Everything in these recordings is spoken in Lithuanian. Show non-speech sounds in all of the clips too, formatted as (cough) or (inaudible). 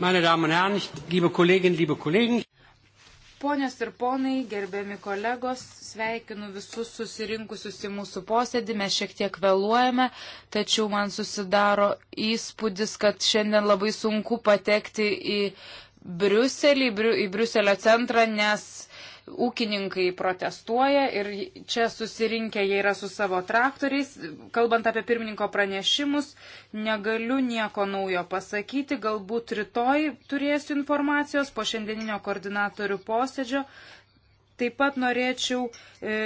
Meine Damen und Herren, liebe Kolleginnen, liebe Kollegen. Ponios ir ponai, gerbiami kolegos, sveikinu visus susirinkusius į mūsų posėdį. Mes šiek tiek vėluojame, tačiau man susidaro įspūdis, kad šiandien labai sunku patekti į Briuselį, į Briuselio centrą, nes ūkininkai protestuoja ir čia susirinkę jie yra su savo traktoriais. Kalbant apie pirmininko pranešimus, negaliu nieko naujo pasakyti. Galbūt rytoj turėsiu informacijos po šiandieninio koordinatorių posėdžio. Taip pat norėčiau e,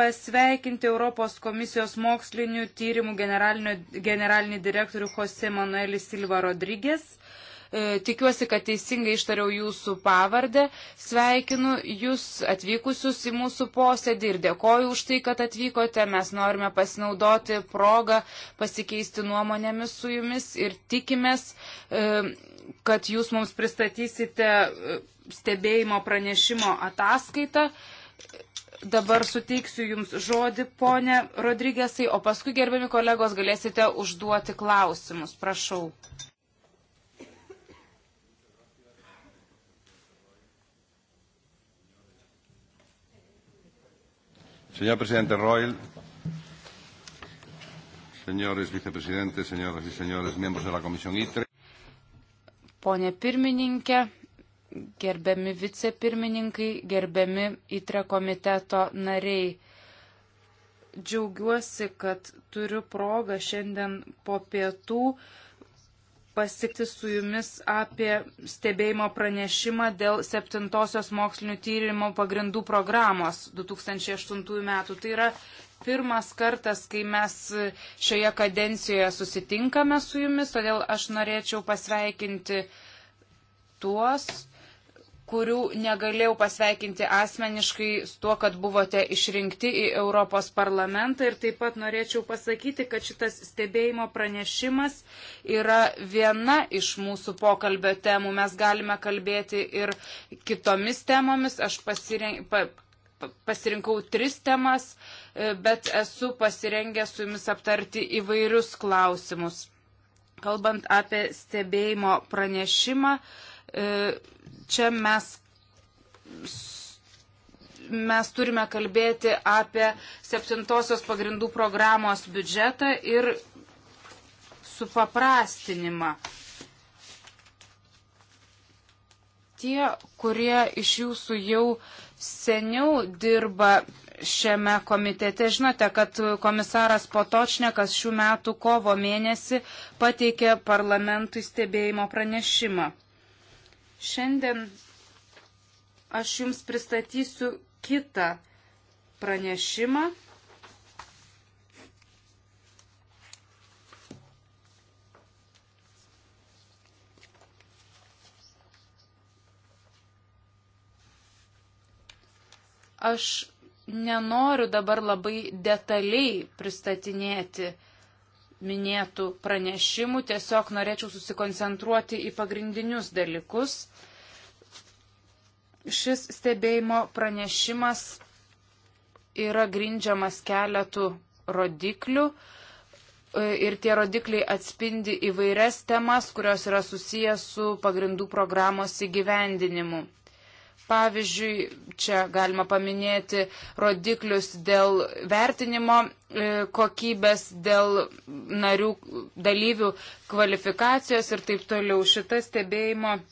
pasveikinti Europos komisijos mokslinių tyrimų generalinį direktorių Jose Manuelį Silva Rodrygės. E, E, tikiuosi, kad teisingai ištariau jūsų pavardę. Sveikinu jūs atvykusius į mūsų posėdį ir dėkoju už tai, kad atvykote. Mes norime pasinaudoti progą pasikeisti nuomonėmis su jumis ir tikimės, e, kad jūs mums pristatysite e, stebėjimo pranešimo ataskaitą dabar suteiksiu Jums žodį, ponė Rodrygėsai, o paskui, gerbiami kolegos, galėsite užduoti klausimus. Prašau. Señor presidente Royal, señores vicepresidentes, señoras y señores miembros de la Comisión ITRE. Pone pirmininkė, gerbiami vicepirmininkai, gerbiami ITRE komiteto nariai. Džiaugiuosi, kad turiu progą šiandien po pietų uh, pasikti su jumis apie stebėjimo pranešimą dėl septintosios mokslinių tyrimų pagrindų programos 2008 metų. Tai yra pirmas kartas, kai mes šioje kadencijoje susitinkame su jumis, todėl aš norėčiau pasveikinti tuos, kurių negalėjau pasveikinti asmeniškai su tuo, kad buvote išrinkti į Europos parlamentą. Ir taip pat norėčiau pasakyti, kad šitas stebėjimo pranešimas yra viena iš mūsų pokalbio temų. Mes galime kalbėti ir kitomis temomis. Aš pasirink, pa, pasirinkau tris temas, e, bet esu pasirengęs su jumis aptarti įvairius klausimus. Kalbant apie stebėjimo pranešimą, uh, E, čia mes, mes turime kalbėti apie septintosios pagrindų programos biudžetą ir supaprastinimą. Tie, kurie iš jūsų jau seniau dirba šiame komitete. Žinote, kad komisaras Potočnekas šių metų kovo mėnesį pateikė parlamentui stebėjimo pranešimą. Šiandien aš jums pristatysiu kitą pranešimą. Aš nenoriu dabar labai detaliai pristatinėti minėtų pranešimų, tiesiog norėčiau susikoncentruoti į pagrindinius dalykus. Šis stebėjimo pranešimas yra grindžiamas keletų rodiklių e, ir tie rodikliai atspindi įvairias temas, kurios yra susijęs su pagrindų programos įgyvendinimu. Pavyzdžiui, čia galima paminėti rodiklius dėl vertinimo e, kokybės, dėl narių dalyvių kvalifikacijos ir taip toliau. Šita stebėjimo e,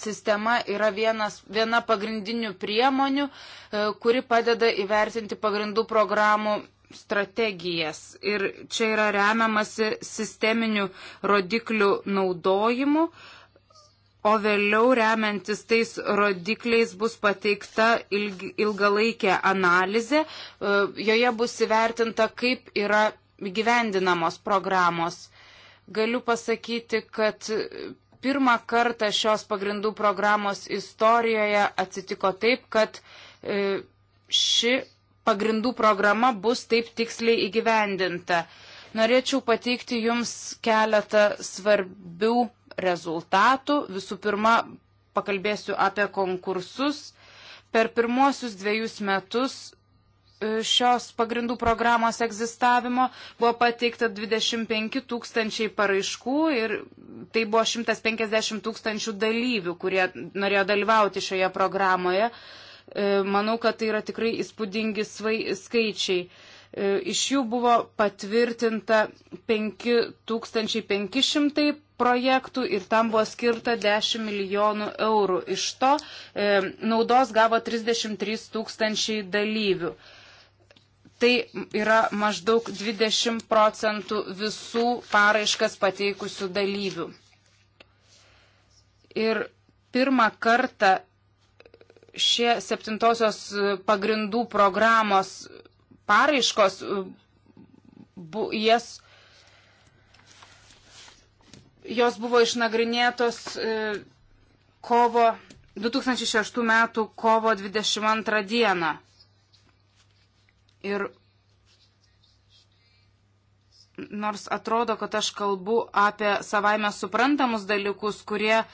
sistema yra vienas, viena pagrindinių priemonių, e, kuri padeda įvertinti pagrindų programų strategijas. Ir čia yra remiamasi sisteminių rodiklių naudojimu. E, o vėliau remiantis tais rodikliais bus pateikta ilg, ilgalaikė analizė, e, joje bus įvertinta, kaip yra gyvendinamos programos. Galiu pasakyti, kad pirmą kartą šios pagrindų programos istorijoje atsitiko taip, kad e, ši pagrindų programa bus taip tiksliai įgyvendinta. Norėčiau pateikti Jums keletą svarbių rezultatų. Visų pirma, pakalbėsiu apie konkursus. Per pirmosius dviejus metus e, šios pagrindų programos egzistavimo buvo pateikta 25 tūkstančiai paraiškų ir tai buvo 150 tūkstančių dalyvių, kurie norėjo dalyvauti šioje programoje. E, manau, kad tai yra tikrai įspūdingi skaičiai. E, iš jų buvo patvirtinta 5500 projektų ir tam buvo skirta 10 milijonų eurų. Iš to e, naudos gavo 33 tūkstančiai dalyvių. Tai yra maždaug 20 procentų visų paraiškas pateikusių dalyvių. Ir pirmą kartą šie septintosios pagrindų programos paraiškos, bu, jas, jos buvo išnagrinėtos e, kovo 2006 m. kovo 22 d. Ir Nors atrodo, kad aš kalbu apie savaime suprantamus dalykus, kurie e,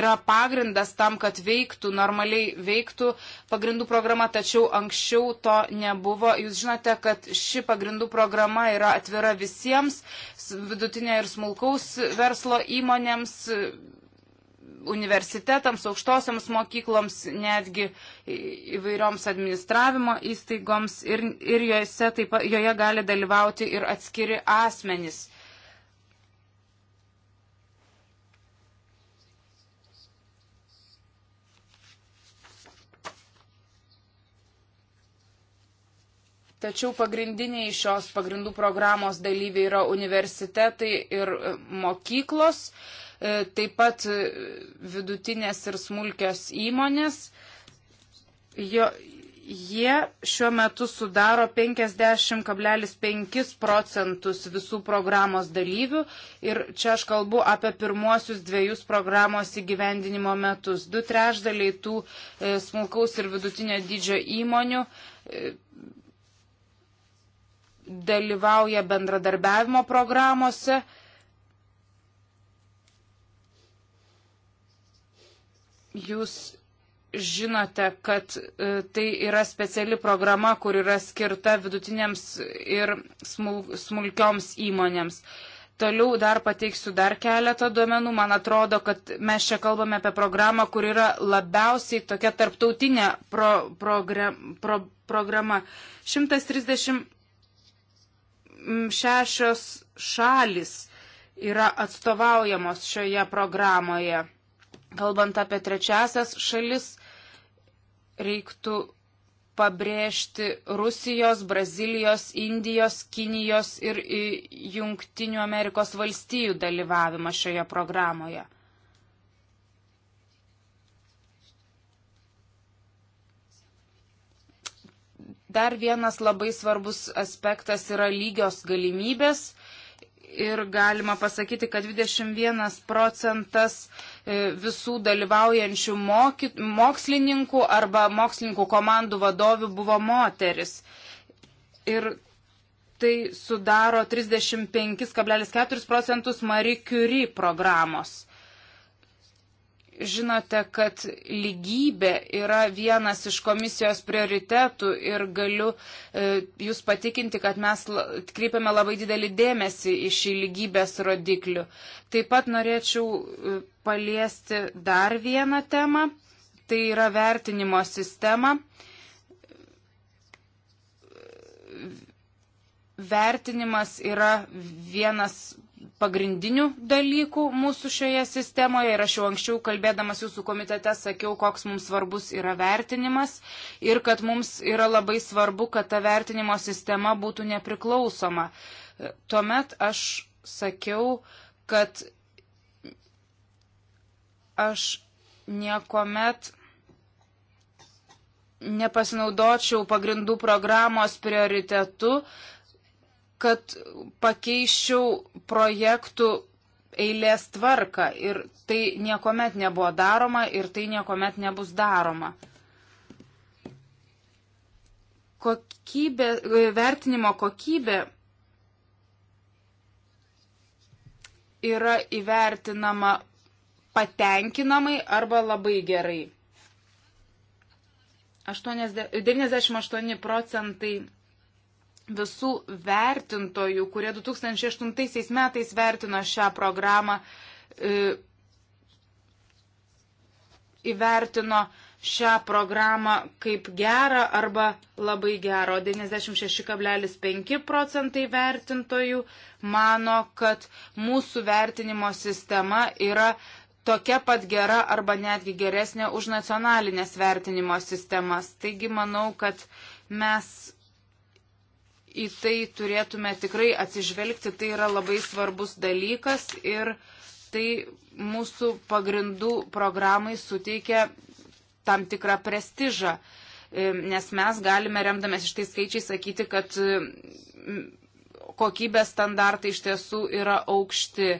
yra pagrindas tam, kad veiktų, normaliai veiktų pagrindų programa, tačiau anksčiau to nebuvo. Jūs žinote, kad ši pagrindų programa yra atvira visiems, vidutinė ir smulkaus verslo įmonėms, universitetams, aukštosiams mokykloms, netgi įvairioms administravimo įstaigoms ir, ir jose, taip, joje gali dalyvauti ir atskiri asmenys. Tačiau pagrindiniai šios pagrindų programos dalyviai yra universitetai ir mokyklos. Uh, E, taip pat e, vidutinės ir smulkios įmonės. Jo, jie šiuo metu sudaro 50,5 procentus visų programos dalyvių ir čia aš kalbu apie pirmuosius dviejus programos įgyvendinimo metus. Du trešdaliai tų e, smulkaus ir vidutinio dydžio įmonių e, dalyvauja bendradarbiavimo programuose. E, Jūs žinote, kad e, tai yra speciali programa, kur yra skirta vidutinėms ir smulkioms įmonėms. Toliau dar pateiksiu dar keletą duomenų. Man atrodo, kad mes čia kalbame apie programą, kur yra labiausiai tokia tarptautinė pro, progre, pro, programa. 136 šalis yra atstovaujamos šioje programoje. Kalbant apie trečiasias šalis, reiktų pabrėžti Rusijos, Brazilijos, Indijos, Kinijos ir Junktinių Amerikos valstijų dalyvavimą šioje programoje. Dar vienas labai svarbus aspektas yra lygios galimybės ir galima pasakyti, kad 21 procentas e, visų dalyvaujančių moky, mokslininkų arba mokslininkų komandų vadovių buvo moteris. Ir tai sudaro 35,4 procentus Marie Curie programos žinote, kad lygybė yra vienas iš komisijos prioritetų ir galiu e, jūs patikinti, kad mes kreipiame labai didelį dėmesį į šį lygybės rodiklių. Taip pat norėčiau e, paliesti dar vieną temą, tai yra vertinimo sistema. Vertinimas yra vienas pagrindinių dalykų mūsų šioje sistemoje ir aš jau anksčiau kalbėdamas jūsų komitete sakiau, koks mums svarbus yra vertinimas ir kad mums yra labai svarbu, kad ta vertinimo sistema būtų nepriklausoma. Tuomet aš sakiau, kad aš niekuomet nepasinaudočiau pagrindų programos prioritetu, kad pakeiščiau projektų eilės tvarką ir tai niekuomet nebuvo daroma ir tai niekuomet nebus daroma. Kokybė, e, vertinimo kokybė yra įvertinama patenkinamai arba labai gerai. 98 procentai visų vertintojų, kurie 2008 metais vertino šią programą, e, įvertino šią programą kaip gerą arba labai gerą. 96,5 procentai vertintojų mano, kad mūsų vertinimo sistema yra tokia pat gera arba netgi geresnė už nacionalinės vertinimo sistemas. Taigi manau, kad mes į tai turėtume tikrai atsižvelgti, tai yra labai svarbus dalykas ir tai mūsų pagrindų programai suteikia tam tikrą prestižą, e, nes mes galime, remdamės iš tai skaičiai, sakyti, kad e, kokybės standartai iš tiesų yra aukšti.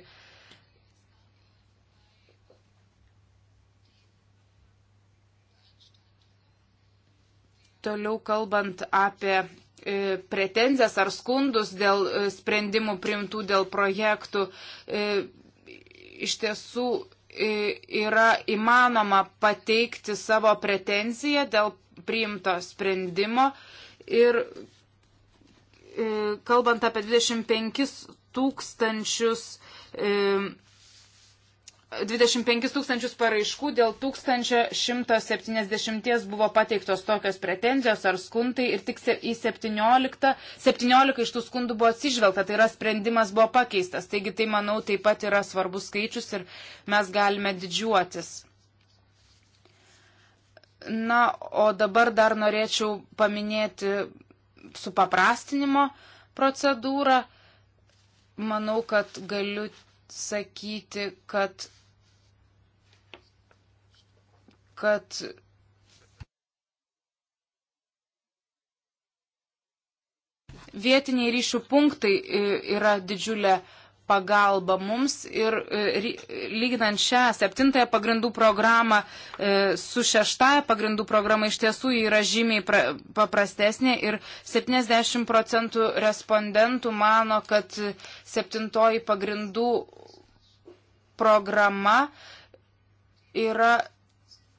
Toliau kalbant apie E, pretenzijas ar skundus dėl e, sprendimų priimtų, dėl projektų, e, iš tiesų yra įmanoma pateikti savo pretenziją dėl priimto sprendimo. Ir kalbant apie 25 tūkstančius 25 tūkstančius paraiškų dėl 1170 buvo pateiktos tokios pretenzijos ar skundai ir tik į 17, 17 iš tų skundų buvo atsižvelgta, tai yra sprendimas buvo pakeistas. Taigi tai, manau, taip pat yra svarbus skaičius ir mes galime didžiuotis. Na, o dabar dar norėčiau paminėti supaprastinimo procedūrą. Manau, kad galiu sakyti, kad kad vietiniai ryšių punktai e, yra didžiulė pagalba mums ir e, lyginant šią septintąją pagrindų programą e, su šeštąją pagrindų programą iš tiesų yra žymiai paprastesnė ir 70 procentų respondentų mano, kad septintoji pagrindų programa yra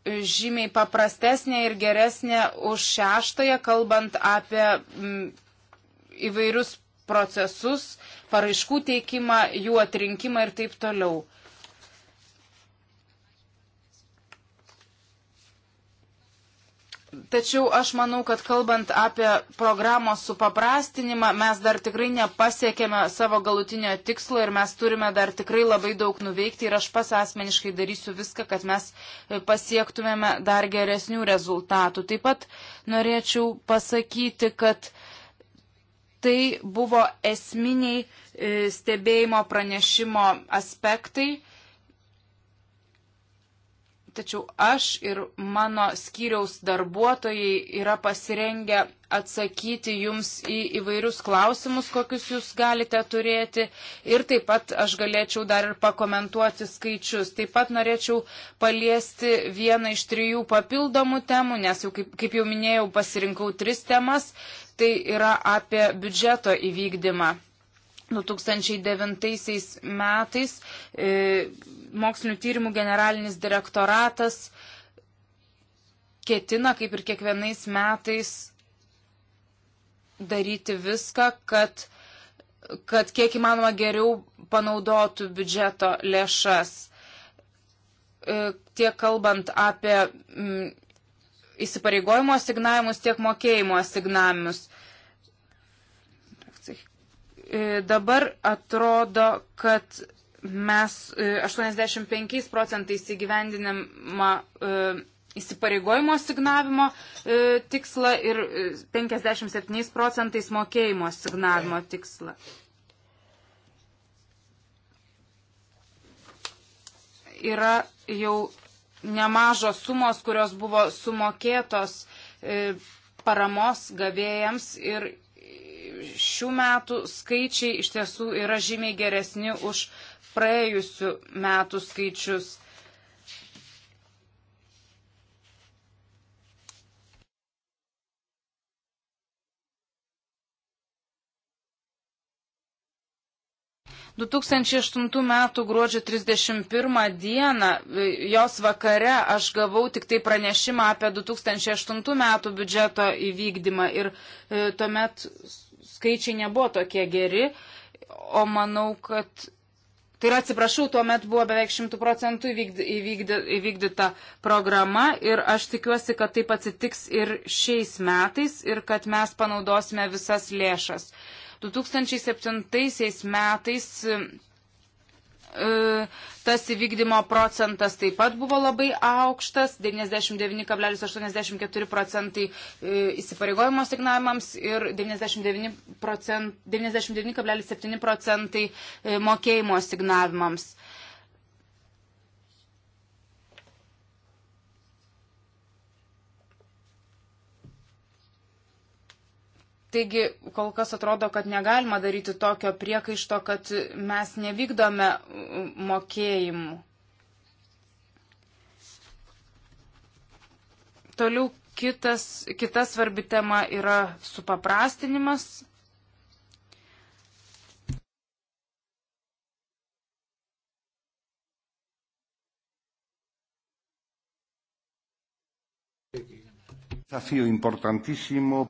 žymiai paprastesnė ir geresnė už šeštąją, kalbant apie m, įvairius procesus, paraiškų teikimą, jų atrinkimą ir taip toliau. Tačiau aš manau, kad kalbant apie programos supaprastinimą, mes dar tikrai nepasiekėme savo galutinio tikslo ir mes turime dar tikrai labai daug nuveikti ir aš pas asmeniškai darysiu viską, kad mes e, pasiektumėme dar geresnių rezultatų. Taip pat norėčiau pasakyti, kad tai buvo esminiai e, stebėjimo pranešimo aspektai Tačiau aš ir mano skyriaus darbuotojai yra pasirengę atsakyti jums į įvairius klausimus, kokius jūs galite turėti. Ir taip pat aš galėčiau dar ir pakomentuoti skaičius. Taip pat norėčiau paliesti vieną iš trijų papildomų temų, nes jau, kaip, kaip jau minėjau, pasirinkau tris temas. Tai yra apie biudžeto įvykdymą. 2009 metais e, mokslinių tyrimų generalinis direktoratas ketina, kaip ir kiekvienais metais, daryti viską, kad, kad kiek įmanoma geriau panaudotų biudžeto lėšas. E, tiek kalbant apie mm, įsipareigojimo asignavimus, tiek mokėjimo asignavimus. E, dabar atrodo, kad mes 85 e, procentais įgyvendinamą e, įsipareigojimo signavimo tikslą ir 57 procentais mokėjimo signavimo tikslą. Yra jau nemažos sumos, kurios buvo sumokėtos paramos gavėjams ir šių metų skaičiai iš tiesų yra žymiai geresni už praėjusių metų skaičius. Du 2008 metų gruodžio 31 dieną, e, jos vakare, aš gavau tik tai pranešimą apie 2008 metų biudžeto įvykdymą ir e, tuomet skaičiai nebuvo tokie geri, o manau, kad. Tai yra, atsiprašau, tuomet buvo beveik 100 procentų įvykdyta programa ir aš tikiuosi, kad taip atsitiks ir šiais metais ir kad mes panaudosime visas lėšas. 2007 metais E, tas įvykdymo procentas taip pat buvo labai aukštas, 99,84 procentai e, įsipareigojimo signavimams ir 99,7 procent, 99 procentai e, mokėjimo signavimams. Taigi kol kas atrodo, kad negalima daryti tokio priekaišto, kad mes nevykdome mokėjimų. Toliau kitas, kita svarbi tema yra supaprastinimas Supaprastinimo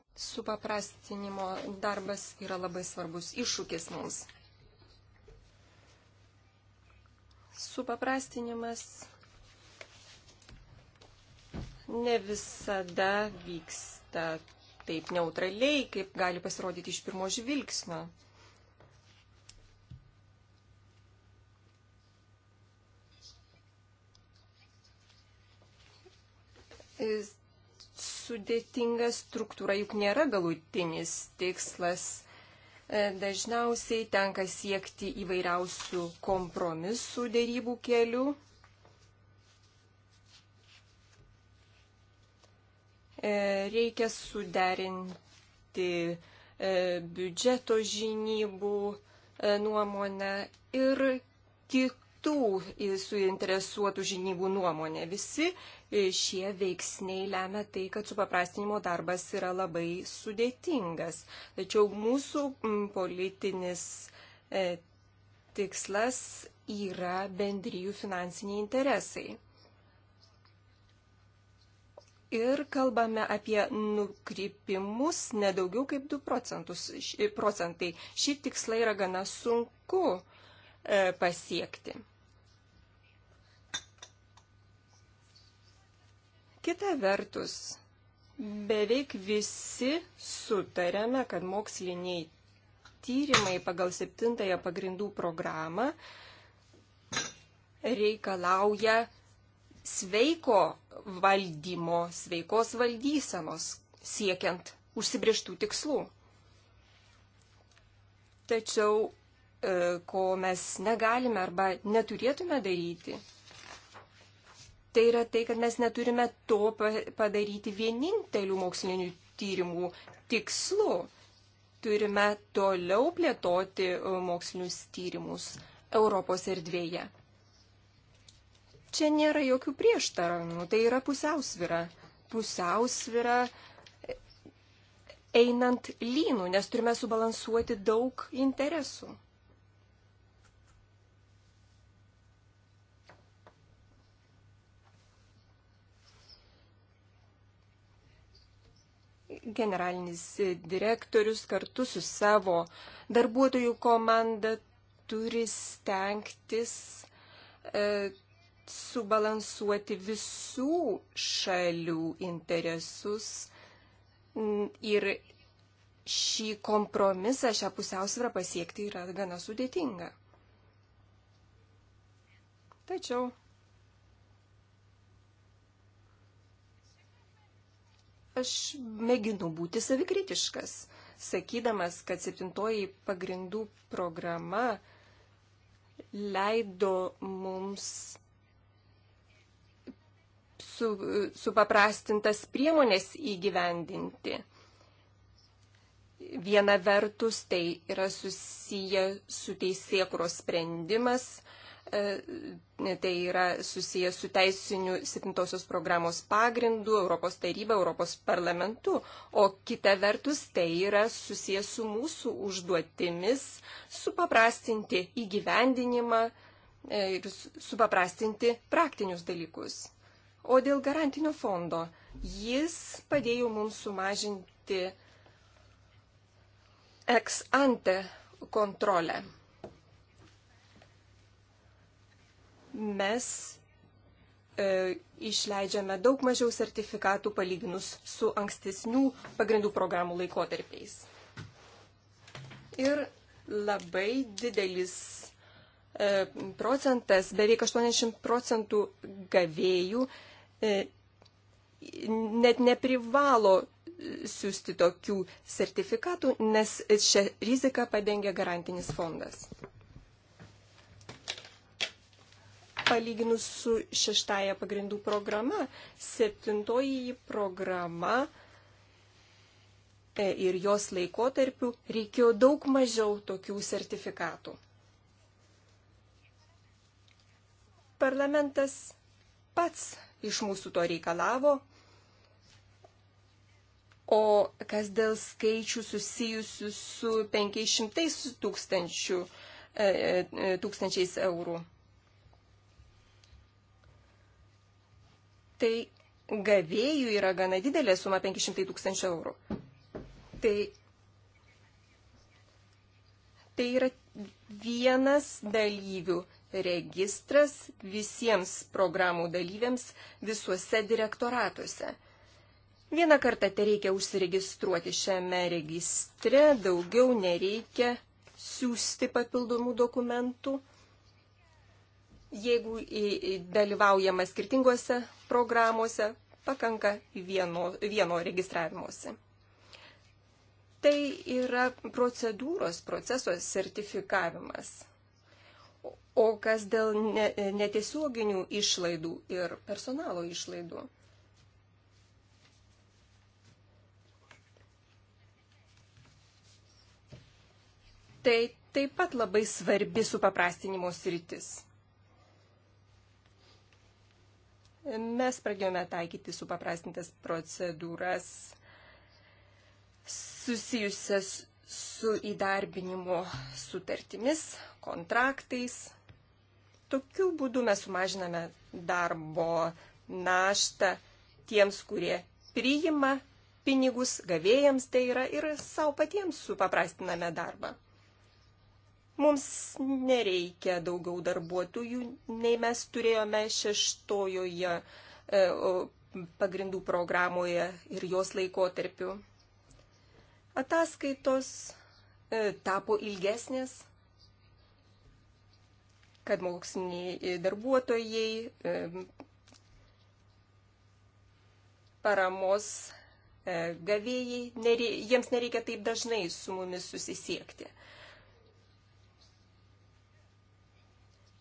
darbas yra labai svarbus iššūkis mums. Supaprastinimas ne visada vyksta taip neutraliai, kaip gali pasirodyti iš pirmo žvilgsnio sudėtinga struktūra, juk nėra galutinis tikslas. E, dažniausiai tenka siekti įvairiausių kompromisų dėrybų kelių. E, reikia suderinti e, biudžeto žinybų nuomonę ir kitų suinteresuotų žinybų nuomonę. Visi E, šie veiksniai lemia tai, kad supaprastinimo darbas yra labai sudėtingas. Tačiau mūsų politinis e, tikslas yra bendryjų finansiniai interesai. Ir kalbame apie nukrypimus nedaugiau kaip 2 procentus, procentai. Šį tikslą yra gana sunku e, pasiekti. Kita vertus, beveik visi sutarėme, kad moksliniai tyrimai pagal septintąją pagrindų programą reikalauja sveiko valdymo, sveikos valdysenos siekiant užsibrieštų tikslų. Tačiau, e, ko mes negalime arba neturėtume daryti, tai yra tai, kad mes neturime to padaryti vienintelių mokslinių tyrimų tikslu. Turime toliau plėtoti e, mokslinius tyrimus Europos erdvėje. Čia nėra jokių prieštaravimų, tai yra pusiausvira. Pusiausvira e, einant lynų, nes turime subalansuoti daug interesų. generalinis direktorius kartu su savo darbuotojų komanda turi stengtis e, subalansuoti visų šalių interesus ir šį kompromisą, šią pusiausvyrą pasiekti yra gana sudėtinga. Tačiau aš mėginu būti savikritiškas, sakydamas, kad septintoji pagrindų programa leido mums su, supaprastintas priemonės įgyvendinti. Viena vertus tai yra susiję su teisėkros sprendimas, E, tai yra susijęs su teisiniu septintosios programos pagrindu Europos taryba, Europos parlamentu, o kita vertus tai yra susijęs su mūsų užduotimis supaprastinti įgyvendinimą e, ir supaprastinti praktinius dalykus. O dėl garantinio fondo jis padėjo mums sumažinti ex ante kontrolę. mes e, išleidžiame daug mažiau sertifikatų palyginus su ankstesnių pagrindų programų laikotarpiais. Ir labai didelis e, procentas, beveik 80 procentų gavėjų e, net neprivalo siūsti tokių sertifikatų, nes šią riziką padengia garantinis fondas. palyginus su šeštaja pagrindų programa. Septintoji programa e, ir jos laikotarpiu reikėjo daug mažiau tokių sertifikatų. Parlamentas pats iš mūsų to reikalavo, o kas dėl skaičių susijusių su 500 tūkstančių, e, e, tūkstančiais eurų. tai gavėjų yra gana didelė suma 500 tūkstančių eurų. Tai, tai yra vienas dalyvių registras visiems programų dalyviams visuose direktoratuose. Vieną kartą tai reikia užsiregistruoti šiame registre, daugiau nereikia siūsti papildomų dokumentų. Jeigu dalyvaujama skirtingose programuose, pakanka vieno, vieno registravimuose. Tai yra procedūros proceso sertifikavimas. O kas dėl netiesioginių išlaidų ir personalo išlaidų? Tai taip pat labai svarbi supaprastinimo sritis. mes pradėjome taikyti supaprastintas procedūras susijusias su įdarbinimo sutartimis, kontraktais. Tokiu būdu mes sumažiname darbo naštą tiems, kurie priima pinigus, gavėjams tai yra ir savo patiems supaprastiname darbą. Mums nereikia daugiau darbuotojų, nei mes turėjome šeštojoje e, pagrindų programoje ir jos laikotarpiu. Ataskaitos e, tapo ilgesnės, kad moksliniai darbuotojai e, paramos gavėjai, jiems nereikia taip dažnai su mumis susisiekti.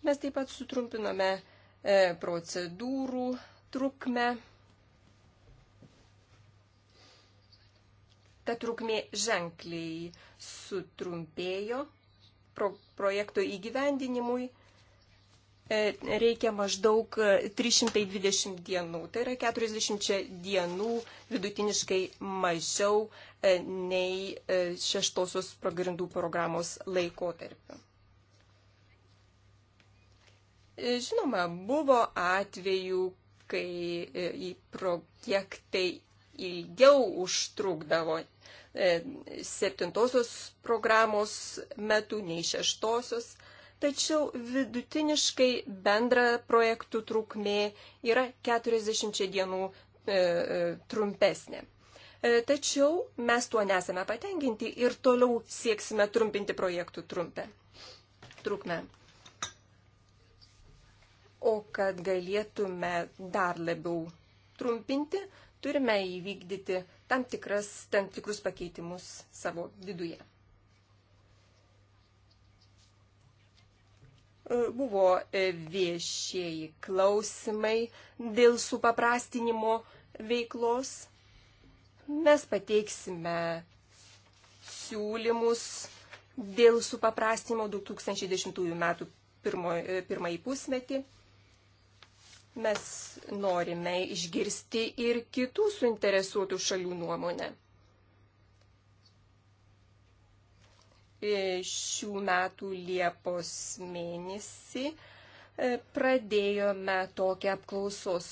Mes taip pat sutrumpinome e, procedūrų trukmę. Ta trukmė ženkliai sutrumpėjo pro projekto įgyvendinimui e, reikia maždaug 320 dienų. Tai yra 40 dienų vidutiniškai mažiau e, nei šeštosios pagrindų programos laikotarpiu. Žinoma, buvo atvejų, kai e, į projektai ilgiau užtrukdavo e, septintosios programos metu nei šeštosios, tačiau vidutiniškai bendra projektų trukmė yra 40 dienų e, trumpesnė. Tačiau mes tuo nesame patenkinti ir toliau sieksime trumpinti projektų trumpę. trukmę. O kad galėtume dar labiau trumpinti, turime įvykdyti tam, tikras, tam tikrus pakeitimus savo viduje. E, buvo e, viešieji klausimai dėl supaprastinimo veiklos. Mes pateiksime siūlymus dėl supaprastinimo 2010 m. E, pirmąjį pusmetį. Mes norime išgirsti ir kitų suinteresuotų šalių nuomonę. E, šių metų Liepos mėnesį e, pradėjome tokią apklausos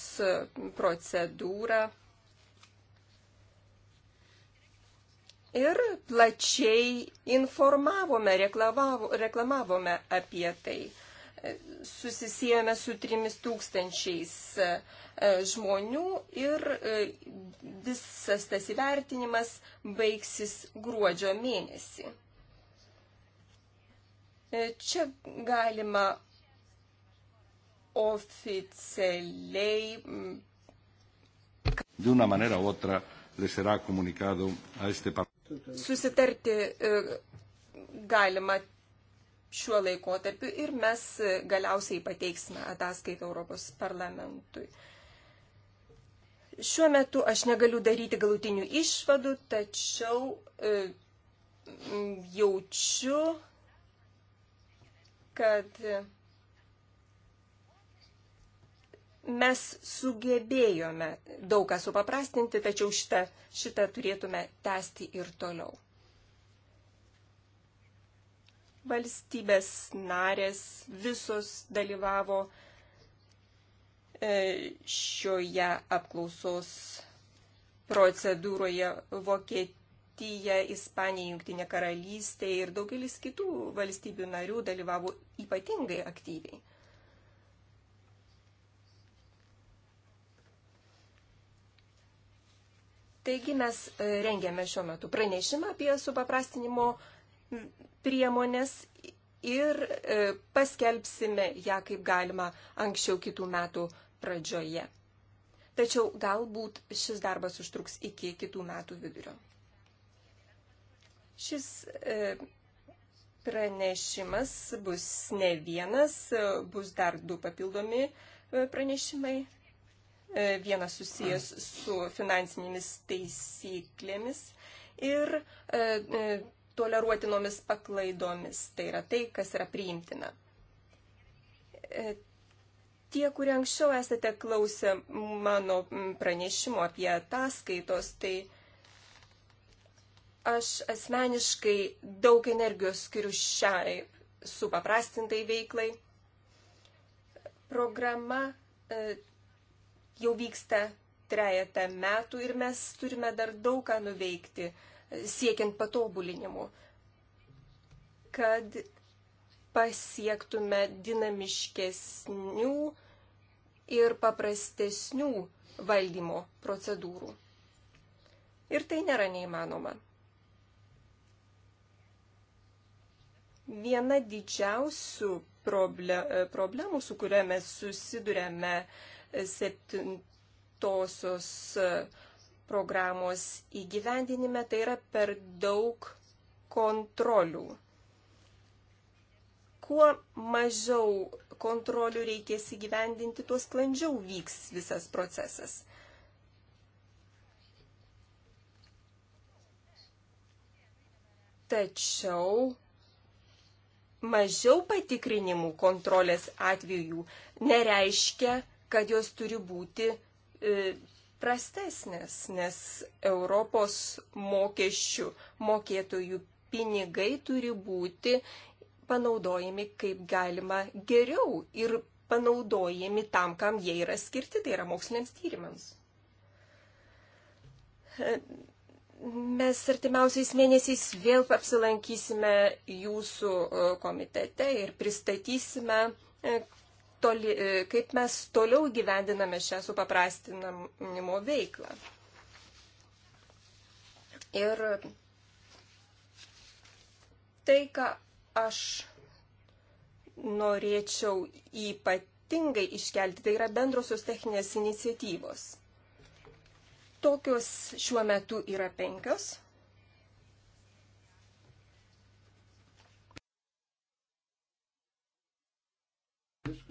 procedūrą ir plačiai informavome, reklamavome apie tai susisijome su 3000 e, žmonių ir e, visas tas įvertinimas baigsis gruodžio mėnesį. E, čia galima oficialiai. De una manera u otra le será comunicado a este Susitarti galima šiuo laikotarpiu ir mes galiausiai pateiksime ataskaitą Europos parlamentui. Šiuo metu aš negaliu daryti galutinių išvadų, tačiau e, jaučiu, kad mes sugebėjome daug ką supaprastinti, tačiau šitą, šitą turėtume tęsti ir toliau. Valstybės narės visos dalyvavo e, šioje apklausos procedūroje Vokietija, Ispanija, Junktinė karalystė ir daugelis kitų valstybių narių dalyvavo ypatingai aktyviai. Taigi mes e, rengiame šiuo metu pranešimą apie supaprastinimo priemonės ir e, paskelbsime ją kaip galima anksčiau kitų metų pradžioje. Tačiau galbūt šis darbas užtruks iki kitų metų vidurio. Šis e, pranešimas bus ne vienas, e, bus dar du papildomi pranešimai. Vienas susijęs su finansinėmis taisyklėmis ir toleruotinomis paklaidomis. Tai yra tai, kas yra priimtina. E, tie, kurie anksčiau esate klausę mano pranešimo apie ataskaitos, tai aš asmeniškai daug energijos skiriu šiai supaprastintai veiklai. Programa e, jau vyksta trejata metų ir mes turime dar daug ką nuveikti siekiant patobulinimų, kad pasiektume dinamiškesnių ir paprastesnių valdymo procedūrų. Ir tai nėra neįmanoma. Viena didžiausių problemų, su kuria mes susidurėme septintosios programos įgyvendinime, tai yra per daug kontrolių. Kuo mažiau kontrolių reikės įgyvendinti, tuo sklandžiau vyks visas procesas. Tačiau mažiau patikrinimų kontrolės atvejų nereiškia, kad jos turi būti e, prastesnės, nes Europos mokesčių mokėtojų pinigai turi būti panaudojami kaip galima geriau ir panaudojami tam, kam jie yra skirti, tai yra moksliniams tyrimams. Mes artimiausiais mėnesiais vėl apsilankysime jūsų e, komitete ir pristatysime e, toli, e, kaip mes toliau gyvendiname šią supaprastinamo veiklą. Ir tai, ką aš norėčiau ypatingai iškelti, tai yra bendrosios techninės iniciatyvos. Tokios šiuo metu yra penkios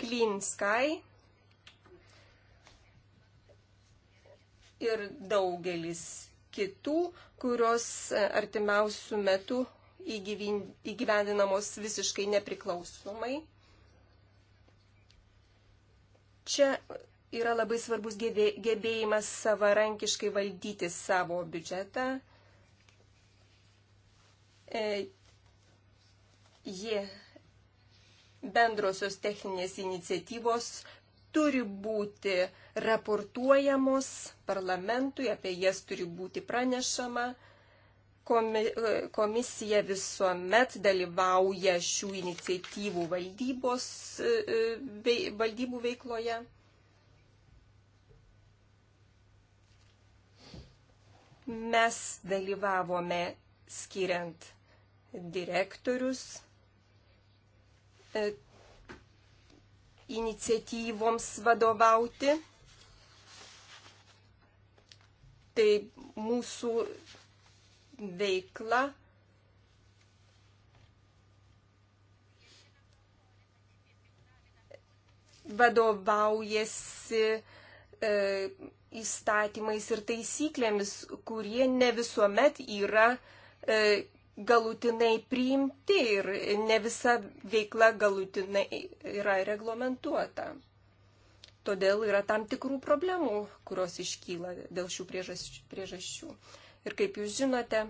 Clean Sky ir daugelis kitų, kurios e, artimiausių metų įgyvendinamos visiškai nepriklausomai. Čia yra labai svarbus gebėjimas savarankiškai valdyti savo biudžetą. E, jie yeah bendrosios techninės iniciatyvos turi būti raportuojamos parlamentui, apie jas turi būti pranešama. Komisija visuomet dalyvauja šių iniciatyvų valdybos, e, e, valdybų veikloje. Mes dalyvavome skiriant direktorius E, iniciatyvoms vadovauti. Tai mūsų veikla vadovaujasi e, įstatymais ir taisyklėmis, kurie ne visuomet yra e, galutinai priimti ir ne visa veikla galutinai yra reglamentuota. Todėl yra tam tikrų problemų, kurios iškyla dėl šių priežasčių. Ir kaip jūs žinote,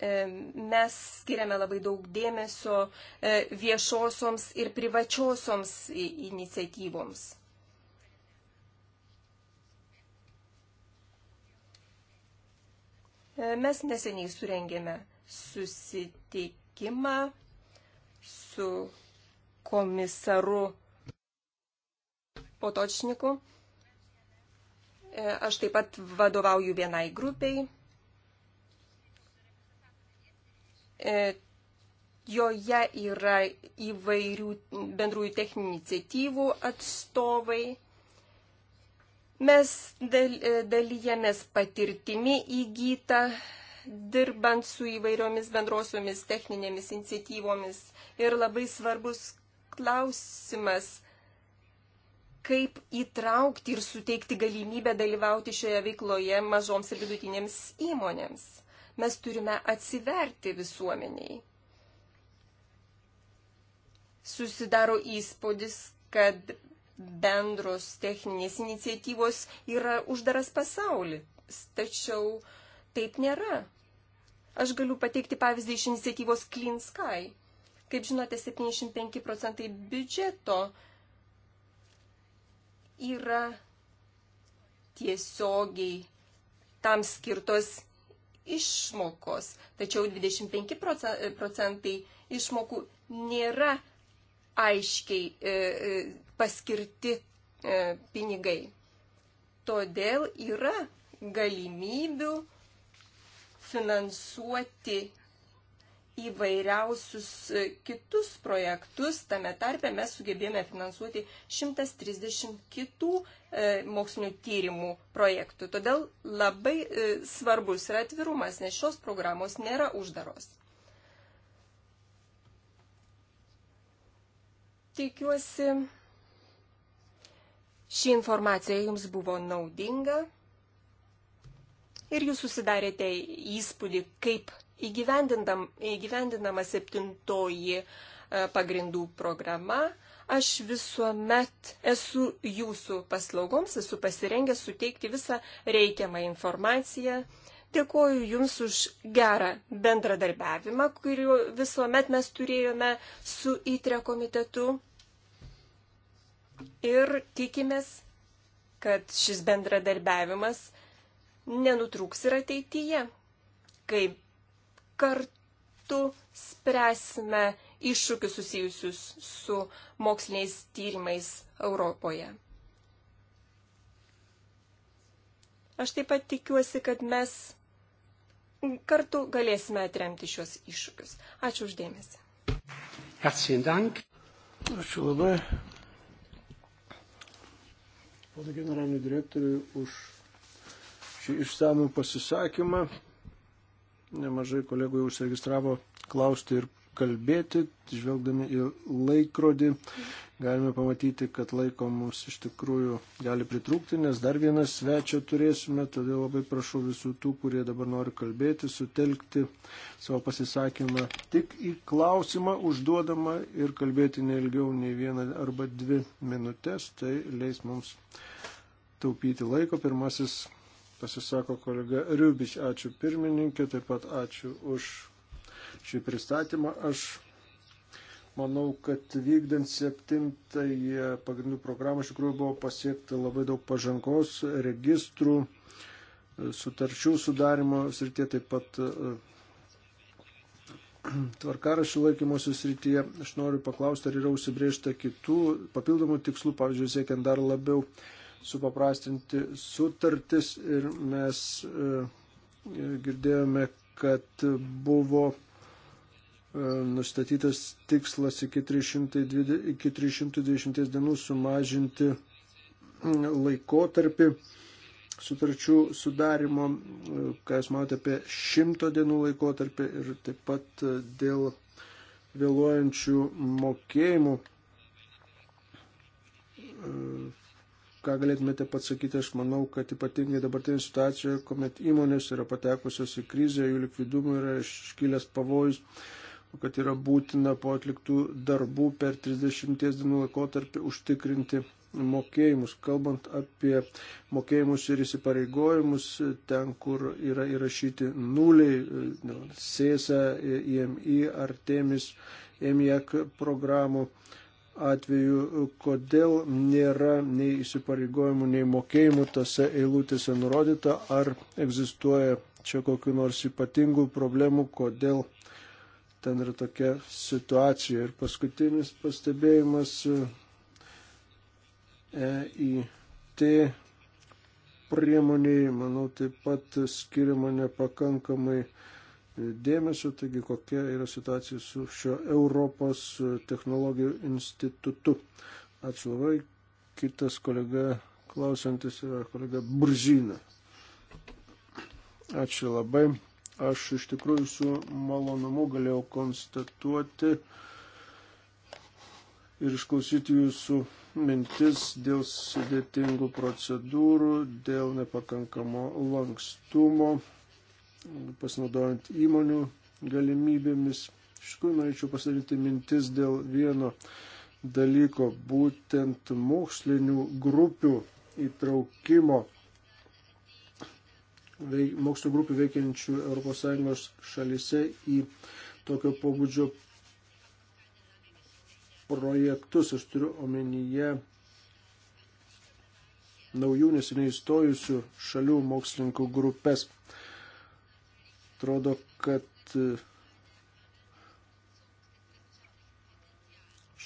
E, mes skiriame labai daug dėmesio e, viešosoms ir privačiosoms iniciatyvoms. E, mes neseniai surengėme susitikimą su komisaru Potočniku. Aš taip pat vadovauju vienai grupiai E, joje yra įvairių bendrųjų techninių iniciatyvų atstovai. Mes dalyjamės e, patirtimi įgytą, dirbant su įvairiomis bendrosiomis techninėmis iniciatyvomis. Ir labai svarbus klausimas, kaip įtraukti ir suteikti galimybę dalyvauti šioje veikloje mažoms ir vidutinėms įmonėms. Mes turime atsiverti visuomeniai. Susidaro įspūdis, kad bendros techninės iniciatyvos yra uždaras pasaulis, tačiau taip nėra. Aš galiu pateikti pavyzdį iš iniciatyvos Clean Sky. Kaip žinote, 75 procentai biudžeto yra tiesiogiai tam skirtos išmokos, tačiau 25 procentai išmokų nėra aiškiai e, e, paskirti e, pinigai. Todėl yra galimybių finansuoti įvairiausius e, kitus projektus. Tame tarpe mes sugebėjome finansuoti 130 kitų e, mokslinių tyrimų projektų. Todėl labai e, svarbus yra atvirumas, nes šios programos nėra uždaros. Tikiuosi, ši informacija jums buvo naudinga ir jūs susidarėte įspūdį, kaip įgyvendinama septintoji e, pagrindų programa, aš visuomet esu jūsų paslaugoms, esu pasirengęs suteikti visą reikiamą informaciją. Dėkuoju Jums už gerą bendradarbiavimą, kuriuo visuomet mes turėjome su įtre komitetu. Ir tikimės, kad šis bendradarbiavimas nenutrūks ir ateityje, kai kartu spręsime iššūkius susijusius su moksliniais tyrimais Europoje. Aš taip pat tikiuosi, kad mes kartu galėsime atremti šios iššūkius. Ačiū uždėmesi. Ačiū labai. Pana generaliniu direktoriui už šį išsamų pasisakymą nemažai kolegų jau užsiregistravo klausti ir kalbėti. Žvelgdami į laikrodį galime pamatyti, kad laiko mums iš tikrųjų gali pritrūkti, nes dar vieną svečią turėsime, todėl labai prašau visų tų, kurie dabar nori kalbėti, sutelkti savo pasisakymą tik į klausimą užduodamą ir kalbėti neilgiau nei vieną arba dvi minutės, tai leis mums taupyti laiko. Pirmasis pasisako kolega Riubič. Ačiū pirmininkė, taip pat ačiū už šį pristatymą. Aš manau, kad vykdant septintąją pagrindų programą iš tikrųjų buvo pasiekta labai daug pažangos registrų, sutarčių sudarimo srityje, taip pat (clears throat) tvarkarašių laikymosi srityje. Aš noriu paklausti, ar yra užsibriežta kitų papildomų tikslų, pavyzdžiui, siekiant dar labiau supaprastinti sutartis ir mes e, girdėjome, kad buvo e, nustatytas tikslas iki 320, iki 320 dienų sumažinti e, laikotarpį sutarčių sudarimo, ką jūs matote apie 100 dienų laikotarpį ir taip pat dėl vėluojančių mokėjimų ką galėtumėte pasakyti, aš manau, kad ypatingai dabartinė situacija, kuomet įmonės yra patekusios į krizę, jų likvidumui yra iškilęs pavojus, kad yra būtina po atliktų darbų per 30 dienų laikotarpį užtikrinti mokėjimus. Kalbant apie mokėjimus ir įsipareigojimus, ten, kur yra įrašyti nuliai, sėsa, e, IMI, e, e Artemis, EMIAC programų atveju, kodėl nėra nei įsipareigojimų, nei mokėjimų tose eilutėse nurodyta, ar egzistuoja čia kokiu nors ypatingų problemų, kodėl ten yra tokia situacija. Ir paskutinis pastebėjimas EIT priemoniai, manau, taip pat skiriama nepakankamai uh, dėmesio. Taigi, kokia yra situacija su šio Europos technologijų institutu. Ačiū labai. Kitas kolega klausantis yra kolega Brzina. Ačiū labai. Aš iš tikrųjų su malonumu galėjau konstatuoti ir išklausyti jūsų mintis dėl sudėtingų procedūrų, dėl nepakankamo lankstumo pasinaudojant įmonių galimybėmis. Iš tikrųjų, norėčiau pasidaryti mintis dėl vieno dalyko, būtent mokslinių grupių įtraukimo, veik, mokslo grupių veikiančių ES šalise į tokio pobūdžio projektus. Aš turiu omenyje naujų neseniai įstojusių šalių mokslininkų grupės. Atrodo, kad e,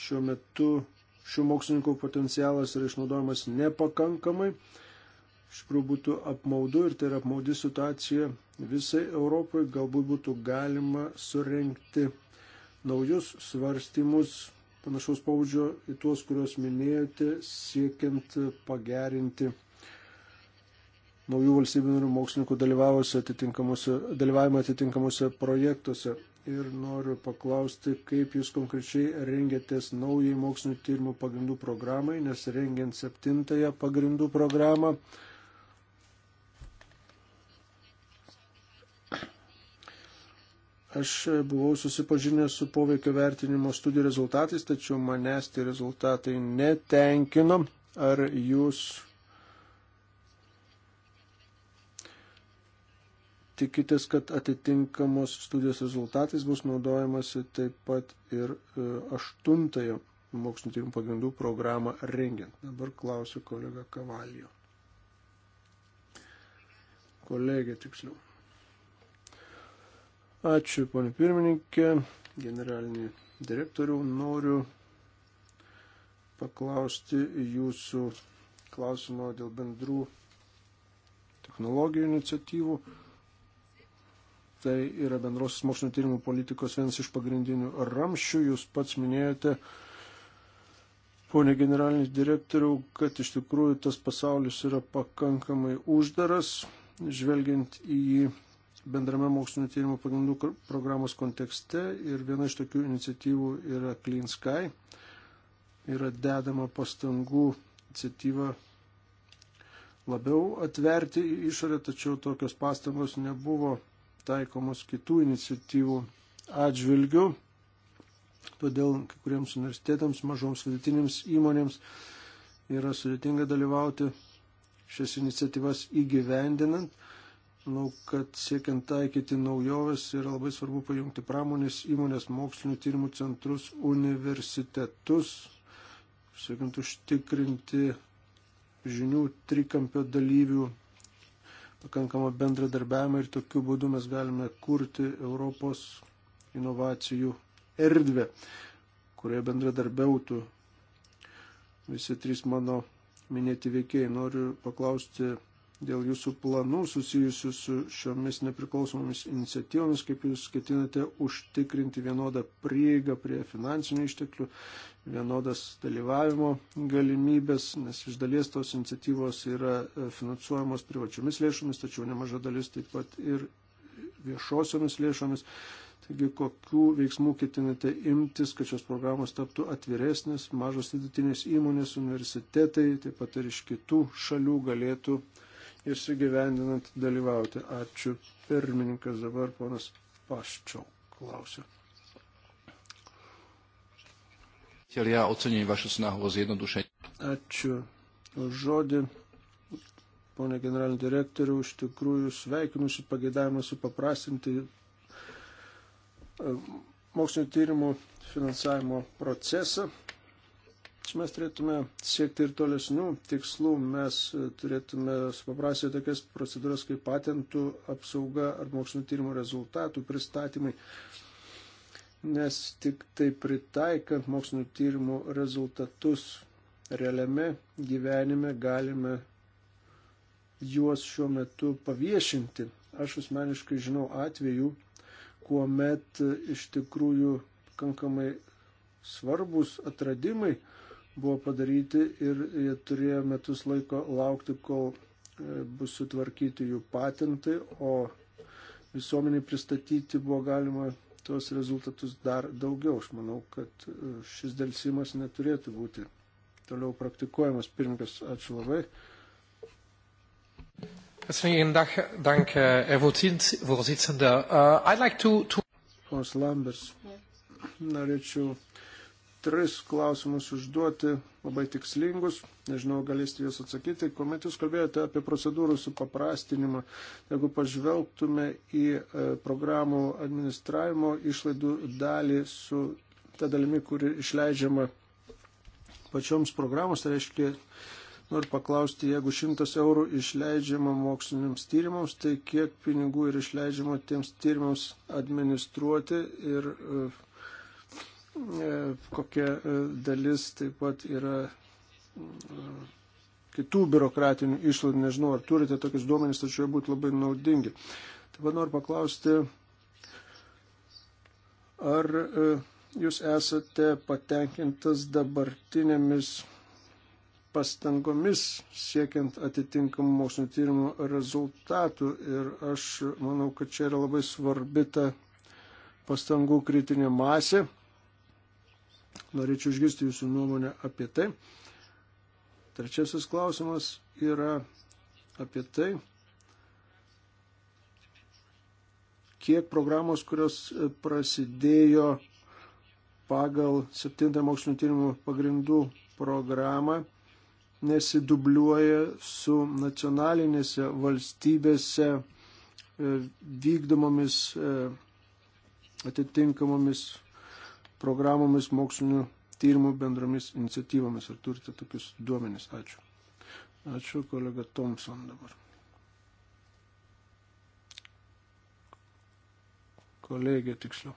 šiuo metu šių mokslininkų potencialas yra išnaudojamas nepakankamai. Iš tikrųjų būtų apmaudu ir tai yra apmaudi situacija visai Europai. Galbūt būtų galima surenkti naujus svarstymus panašaus paudžio į tuos, kuriuos minėjote, siekiant pagerinti naujų valstybių narių mokslininkų atitinkamuose, dalyvavimą atitinkamuose projektuose. Ir noriu paklausti, kaip jūs konkrečiai rengėtės naujai mokslinio tyrimų pagrindų programai, nes rengiant septintąją pagrindų programą Aš buvau susipažinęs su poveikio vertinimo studijų rezultatais, tačiau manęs tie rezultatai netenkino. Ar jūs tikitės, kad atitinkamos studijos rezultatais bus naudojamasi taip pat ir e, aštuntąją mokslinio tyrimų pagrindų programą rengiant. Dabar klausiu kolega Kavalijo. Kolegė tiksliau. Ačiū, ponė pirmininkė, generalinį direktorių. Noriu paklausti jūsų klausimo dėl bendrų technologijų iniciatyvų. Tai yra bendrosios mokslinio tyrimų politikos vienas iš pagrindinių ramščių. Jūs pats minėjote, ponė generalinis direktoriau, kad iš tikrųjų tas pasaulis yra pakankamai uždaras, žvelgiant į jį bendrame mokslinio tyrimo pagrindų programos kontekste ir viena iš tokių iniciatyvų yra Clean Sky. Yra dedama pastangų iniciatyva labiau atverti į išorę, tačiau tokios pastangos nebuvo taikomos kitų iniciatyvų atžvilgių. Todėl kai kuriems universitetams, mažoms vidutinėms įmonėms yra sudėtinga dalyvauti šias iniciatyvas įgyvendinant. Manau, kad siekiant taikyti naujoves yra labai svarbu pajungti pramonės įmonės mokslinių tyrimų centrus, universitetus, siekiant užtikrinti žinių trikampio dalyvių pakankamą bendradarbiavimą ir tokiu būdu mes galime kurti Europos inovacijų erdvę, kurioje bendradarbiautų visi trys mano minėti veikėjai. Noriu paklausti dėl jūsų planų susijusių su šiomis nepriklausomomis iniciatyvomis, kaip jūs ketinate užtikrinti vienodą prieigą prie finansinių išteklių, vienodas dalyvavimo galimybės, nes iš dalies tos iniciatyvos yra e, finansuojamos privačiomis lėšomis, tačiau nemaža dalis taip pat ir viešosiomis lėšomis. Taigi, kokių veiksmų ketinate imtis, kad šios programos taptų atviresnės, mažos vidutinės įmonės, universitetai, taip pat ir iš kitų šalių galėtų uh, įsigyvendinant dalyvauti. Ačiū pirmininkas dabar ponas Paščiau klausia. Ja ocením vašu snahu o zjednodušení. Ačiū už žodį. Pone generalinį direktorių, iš tikrųjų sveikinu su pageidavimu supaprastinti e, mokslinio tyrimų finansavimo procesą. Nors mes turėtume siekti ir tolesnių tikslų, mes turėtume supaprasyti tokias procedūras kaip patentų apsauga ar mokslinio tyrimo rezultatų pristatymai, nes tik tai pritaikant mokslinio tyrimo rezultatus realiame gyvenime galime juos šiuo metu paviešinti. Aš asmeniškai žinau atvejų, kuomet iš tikrųjų pakankamai svarbus atradimai buvo padaryti ir jie turėjo metus laiko laukti, kol e, bus sutvarkyti jų patentai, o visuomeniai pristatyti buvo galima tuos rezultatus dar daugiau. Aš manau, kad e, šis dėlsimas neturėtų būti toliau praktikuojamas. Pirmkas, ačiū labai. Dag, dank, voorzitter. Uh, äh, I'd like to... to... Pons Lambers, norėčiau tris klausimus užduoti labai tikslingus, nežinau, galėsite juos atsakyti. Kuomet jūs kalbėjote apie procedūrų supaprastinimą, jeigu pažvelgtume į e, programų administravimo išlaidų dalį su ta dalimi, kuri išleidžiama pačioms programos, tai reiškia, noriu paklausti, jeigu 100 eurų išleidžiama moksliniams tyrimams, tai kiek pinigų yra išleidžiama tiems tyrimams administruoti ir uh, E, kokia e, dalis taip pat yra e, kitų biurokratinių išlaidų. Nežinau, ar turite tokius duomenys, tačiau jie būtų labai naudingi. Taip pat noriu paklausti, ar jūs esate patenkintas dabartinėmis pastangomis siekiant atitinkamų mokslinio tyrimų rezultatų ir aš manau, kad čia yra labai svarbi ta pastangų kritinė masė. Norėčiau išgirsti jūsų nuomonę apie tai. Trečiasis klausimas yra apie tai, kiek programos, kurios e, prasidėjo pagal 7 mokslinio tyrimų pagrindų programą, nesidubliuoja su nacionalinėse valstybėse e, vykdomomis e, atitinkamomis programomis, mokslinių tyrimų bendromis iniciatyvomis. Ar turite tokius duomenys? Ačiū. Ačiū kolega Thompson dabar. Kolegė tiksliau.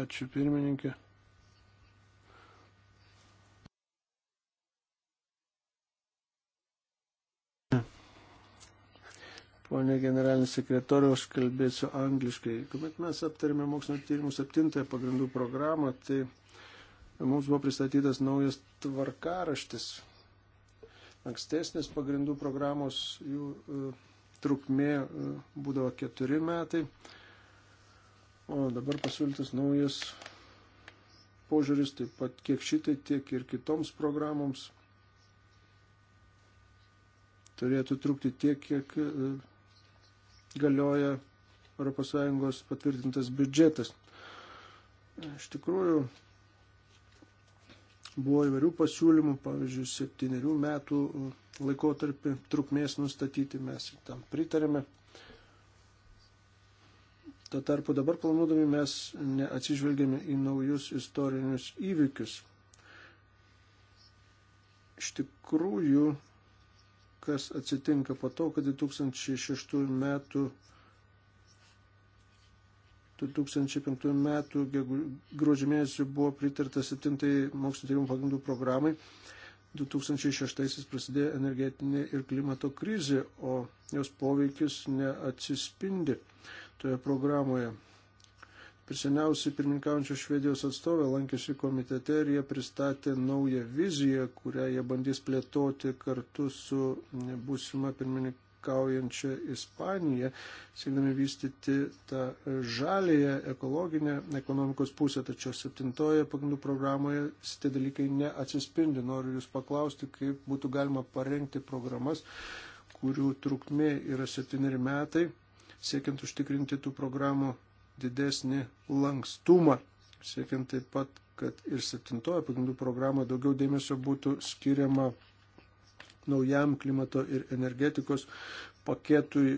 Ačiū pirmininkė. Pone generalinis sekretoriaus, kalbėsiu angliškai. Kuomet mes aptarėme mokslinio tyrimų septintąją pagrindų programą, tai mums buvo pristatytas naujas tvarkaraštis. Ankstesnės pagrindų programos jų uh, trukmė uh, būdavo keturi metai, o dabar pasiūlytas naujas požiūris, taip pat kiek šitai, tiek ir kitoms programoms turėtų trukti tiek, kiek uh, galioja ES patvirtintas biudžetas. Iš tikrųjų, buvo įvairių pasiūlymų, pavyzdžiui, septyniarių metų laikotarpį trukmės nustatyti, mes tam pritarėme. Tuo tarpu dabar planuodami mes neatsižvelgėme į naujus istorinius įvykius. Iš tikrųjų, kas atsitinka po to, kad 2006 metų 2005 metų gruodžio mėnesį buvo pritarta 7 mokslo tyrimų pagrindų programai. 2006 prasidėjo energetinė ir klimato krizė, o jos poveikis neatsispindi toje programoje. Priseniausiai pirmininkaujančio Švedijos atstovė lankėsi komitete ir jie pristatė naują viziją, kurią jie bandys plėtoti kartu su būsima pirmininkaujančia Ispanija, siekdami vystyti tą žalėją ekologinę ekonomikos pusę. Tačiau septintoje pagrindų programoje šitie dalykai neatsispindi. Noriu Jūs paklausti, kaip būtų galima parengti programas, kurių trukmė yra septyneri metai, siekiant užtikrinti tų programų didesnį lankstumą, siekiant taip pat, kad ir septintojo pagrindų programoje daugiau dėmesio būtų skiriama naujam klimato ir energetikos paketui,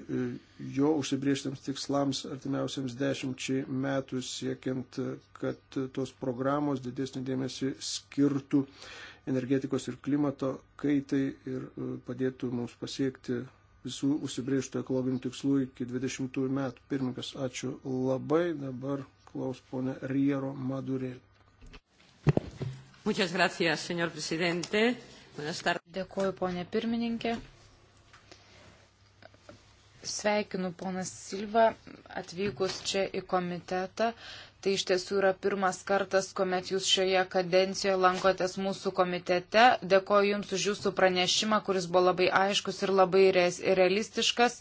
jo užsibrieštams tikslams artimiausiams dešimčiai metų, siekiant, kad tos programos didesnį dėmesį skirtų energetikos ir klimato kaitai ir e, padėtų mums pasiekti visų užsibriežtų ekologinių tikslų iki 20 metų. Pirmininkas, ačiū labai. Dabar klaus ponė Riero Madurė. Muchas gracias, señor presidente. Dėkuoju, ponė pirmininkė. Sveikinu ponas Silva atvykus čia į komitetą. Tai iš tiesų yra pirmas kartas, kuomet jūs šioje kadencijoje lankotės mūsų komitete. Dėkoju Jums už Jūsų pranešimą, kuris buvo labai aiškus ir labai realistiškas.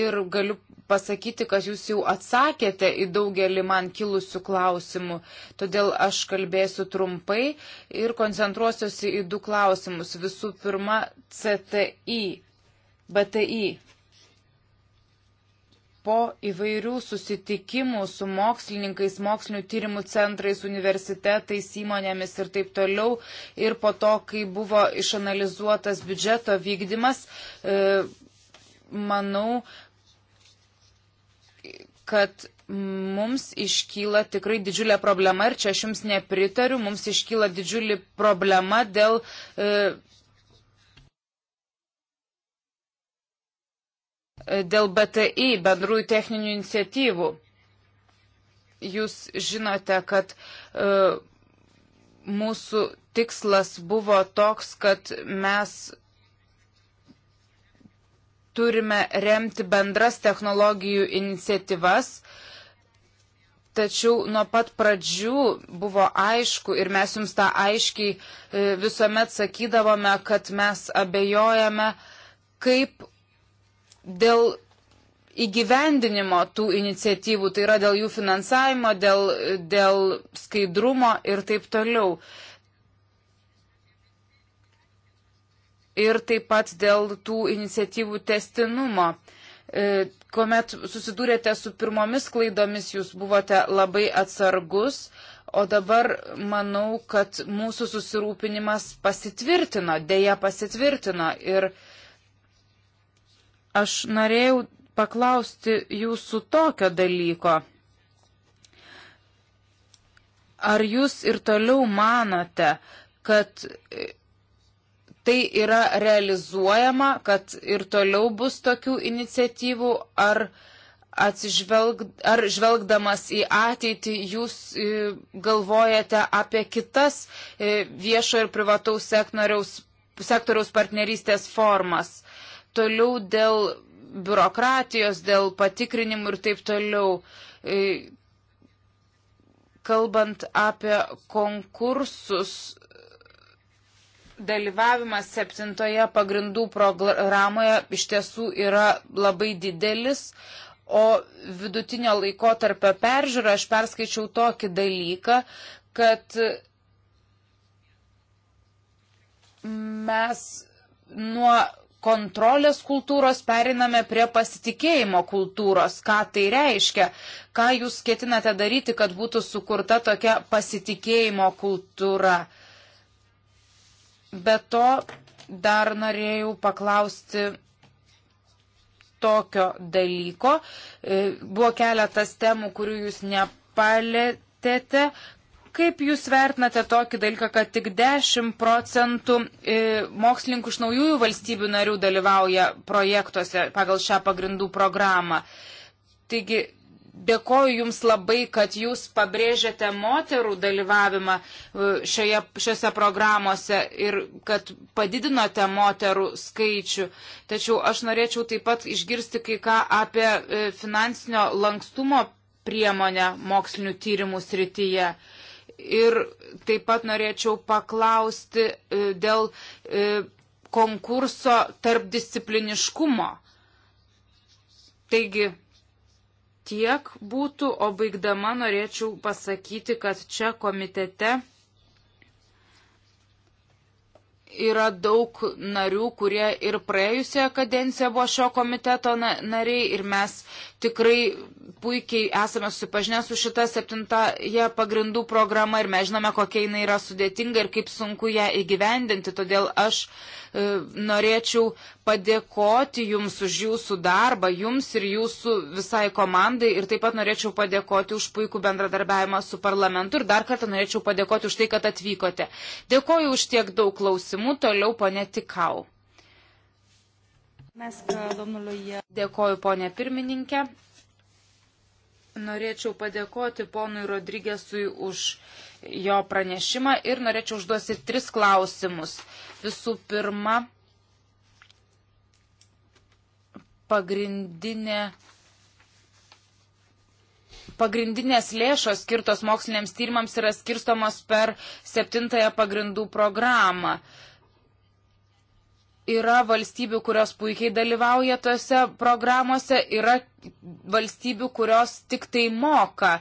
Ir galiu pasakyti, kad Jūs jau atsakėte į daugelį man kilusių klausimų. Todėl aš kalbėsiu trumpai ir koncentruosiuosi į du klausimus. Visų pirma, CTI. BTI po įvairių susitikimų su mokslininkais, mokslinių tyrimų centrais, universitetais, įmonėmis ir taip toliau, ir po to, kai buvo išanalizuotas biudžeto vykdymas, e, manau, kad mums iškyla tikrai didžiulė problema ir čia aš jums nepritariu, mums iškyla didžiulė problema dėl e, dėl BTI bendrųjų techninių iniciatyvų. Jūs žinote, kad e, mūsų tikslas buvo toks, kad mes turime remti bendras technologijų iniciatyvas, tačiau nuo pat pradžių buvo aišku ir mes jums tą aiškiai e, visuomet sakydavome, kad mes abejojame, kaip dėl įgyvendinimo tų iniciatyvų, tai yra dėl jų finansavimo, dėl, dėl skaidrumo ir taip toliau. Ir taip pat dėl tų iniciatyvų testinumo. E, Komet susidūrėte su pirmomis klaidomis, jūs buvote labai atsargus, o dabar manau, kad mūsų susirūpinimas pasitvirtino, dėja pasitvirtino. Ir, uh, Aš norėjau paklausti jūsų tokio dalyko. Ar jūs ir toliau manote, kad tai yra realizuojama, kad ir toliau bus tokių iniciatyvų, ar, atsižvelg, ar žvelgdamas į ateitį jūs e, galvojate apie kitas e, viešo ir privataus sektoriaus, sektoriaus partnerystės formas? Toliau dėl biurokratijos, dėl patikrinimų ir taip toliau. E, kalbant apie konkursus, dalyvavimas septintoje pagrindų programoje iš tiesų yra labai didelis, o vidutinio laiko tarpio peržiūrą aš perskaičiau tokį dalyką, kad mes nuo kontrolės kultūros periname prie pasitikėjimo kultūros. Ką tai reiškia? Ką jūs ketinate daryti, kad būtų sukurta tokia pasitikėjimo kultūra? Be to, dar norėjau paklausti tokio dalyko. E, buvo keletas temų, kurių jūs nepalėtėte. Kaip Jūs vertinate tokį dalyką, kad tik 10 procentų e, mokslininkų iš naujųjų valstybių narių dalyvauja projektuose pagal šią pagrindų programą? Taigi, dėkoju Jums labai, kad Jūs pabrėžiate moterų dalyvavimą e, šioje, šiose programuose ir kad padidinote moterų skaičių. Tačiau aš norėčiau taip pat išgirsti kai ką apie e, finansinio lankstumo priemonę mokslinių tyrimų srityje ir taip pat norėčiau paklausti e, dėl e, konkurso tarpdiscipliniškumo. Taigi tiek būtų, o baigdama norėčiau pasakyti, kad čia komitete yra daug narių, kurie ir praėjusioje kadencijoje buvo šio komiteto nariai ir mes tikrai puikiai esame susipažinę su šita septintaja pagrindų programa ir mes žinome, kokia jinai yra sudėtinga ir kaip sunku ją įgyvendinti. Todėl aš e, norėčiau padėkoti Jums už Jūsų darbą, Jums ir Jūsų visai komandai ir taip pat norėčiau padėkoti už puikų bendradarbiavimą su parlamentu ir dar kartą norėčiau padėkoti už tai, kad atvykote. Dėkoju už tiek daug klausimų, toliau ponė Tikau. E, e- Dėkoju, ponė pirmininkė. Norėčiau padėkoti ponui Rodrygėsui už jo pranešimą ir norėčiau užduosi tris klausimus. Visų pirma, pagrindinė pagrindinės lėšos skirtos moksliniams tyrimams yra skirstomos per septintąją pagrindų programą yra valstybių, kurios puikiai dalyvauja tose programuose, yra valstybių, kurios tik tai moka,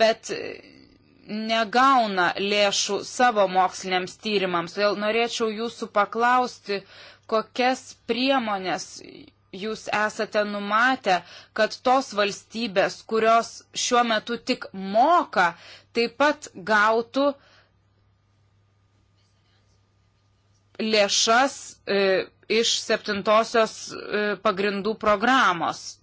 bet negauna lėšų savo moksliniams tyrimams. Todėl norėčiau jūsų paklausti, kokias priemonės jūs esate numatę, kad tos valstybės, kurios šiuo metu tik moka, taip pat gautų uh, lėšas e, iš septintosios e, pagrindų programos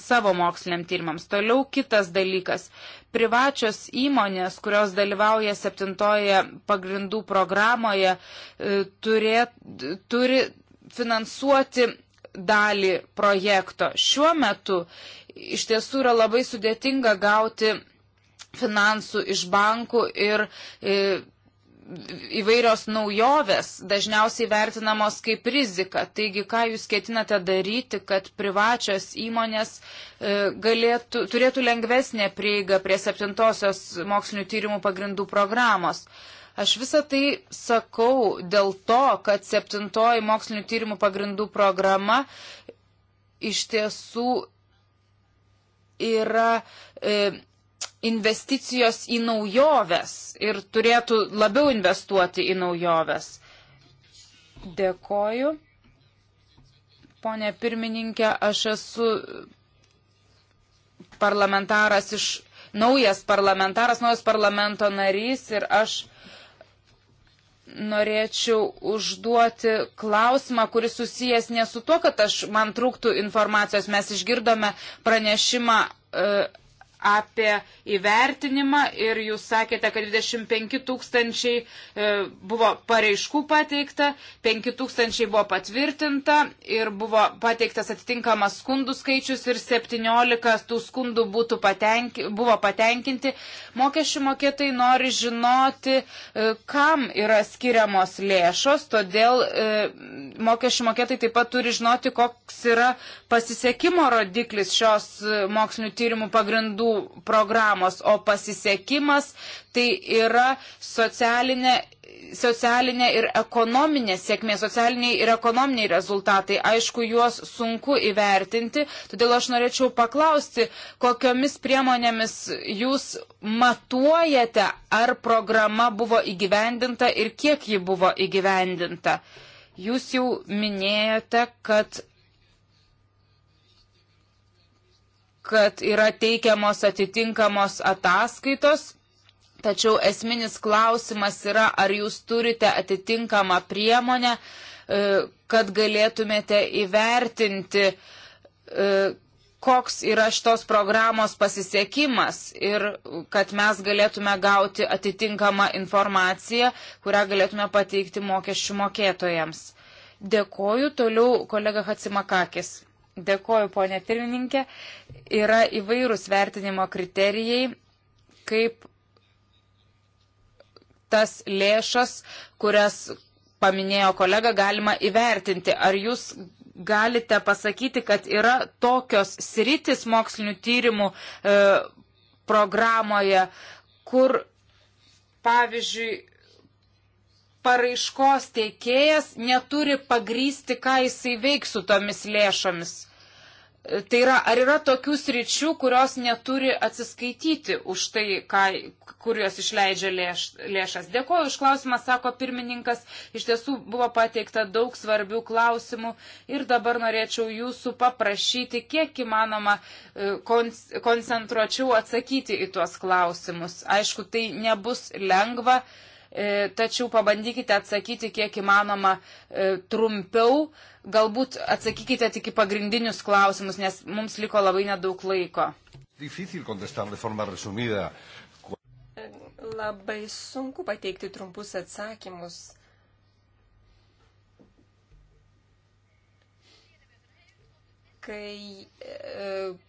savo moksliniam tyrimams. Toliau kitas dalykas. Privačios įmonės, kurios dalyvauja septintoje pagrindų programoje, e, turė, turi finansuoti dalį projekto. Šiuo metu iš tiesų yra labai sudėtinga gauti finansų iš bankų ir e, įvairios naujovės dažniausiai vertinamos kaip rizika. Taigi, ką jūs ketinate daryti, kad privačios įmonės e, galėtų, turėtų lengvesnę prieigą prie septintosios mokslinių tyrimų pagrindų programos? Aš visą tai sakau dėl to, kad septintoji mokslinių tyrimų pagrindų programa iš tiesų yra. E, investicijos į naujoves ir turėtų labiau investuoti į naujoves. Dėkoju. Pone pirmininkė, aš esu parlamentaras iš naujas parlamentaras, naujas parlamento narys ir aš norėčiau užduoti klausimą, kuris susijęs ne su to, kad aš, man trūktų informacijos. Mes išgirdome pranešimą e, apie įvertinimą ir jūs sakėte, kad 25 tūkstančiai e, buvo pareiškų pateikta, 5 tūkstančiai buvo patvirtinta ir buvo pateiktas atitinkamas skundų skaičius ir 17 tų skundų patenki, buvo patenkinti. Mokesčių mokėtai nori žinoti, e, kam yra skiriamos lėšos, todėl e, mokesčių mokėtai taip pat turi žinoti, koks yra pasisekimo rodiklis šios mokslinių tyrimų pagrindų jų programos, o pasisekimas tai yra socialinė socialinė ir ekonominė sėkmė, socialiniai ir ekonominiai rezultatai. Aišku, juos sunku įvertinti, todėl aš norėčiau paklausti, kokiomis priemonėmis jūs matuojate, ar programa buvo įgyvendinta ir kiek ji buvo įgyvendinta. Jūs jau minėjote, kad kad yra teikiamos atitinkamos ataskaitos, tačiau esminis klausimas yra, ar jūs turite atitinkamą priemonę, e, kad galėtumėte įvertinti, e, koks yra šitos programos pasisekimas ir kad mes galėtume gauti atitinkamą informaciją, kurią galėtume pateikti mokesčių mokėtojams. Dėkoju, toliau kolega Hatsimakakis. Dėkoju, ponė pirmininkė. Yra įvairūs vertinimo kriterijai, kaip tas lėšas, kurias paminėjo kolega, galima įvertinti. Ar jūs galite pasakyti, kad yra tokios sritis mokslinių tyrimų e, programoje, kur, pavyzdžiui, paraiškos teikėjas neturi pagrysti, ką jisai veiks su tomis lėšomis. Tai yra, ar yra tokių sričių, kurios neturi atsiskaityti už tai, ką, kur jos išleidžia lėš, lėšas. Dėkuoju už klausimą, sako pirmininkas. Iš tiesų buvo pateikta daug svarbių klausimų ir dabar norėčiau jūsų paprašyti, kiek įmanoma e, koncentruočiau atsakyti į tuos klausimus. Aišku, tai nebus lengva. E, tačiau pabandykite atsakyti kiek įmanoma e, trumpiau, galbūt atsakykite tik į pagrindinius klausimus, nes mums liko labai nedaug laiko. Labai sunku pateikti trumpus atsakymus. kai e,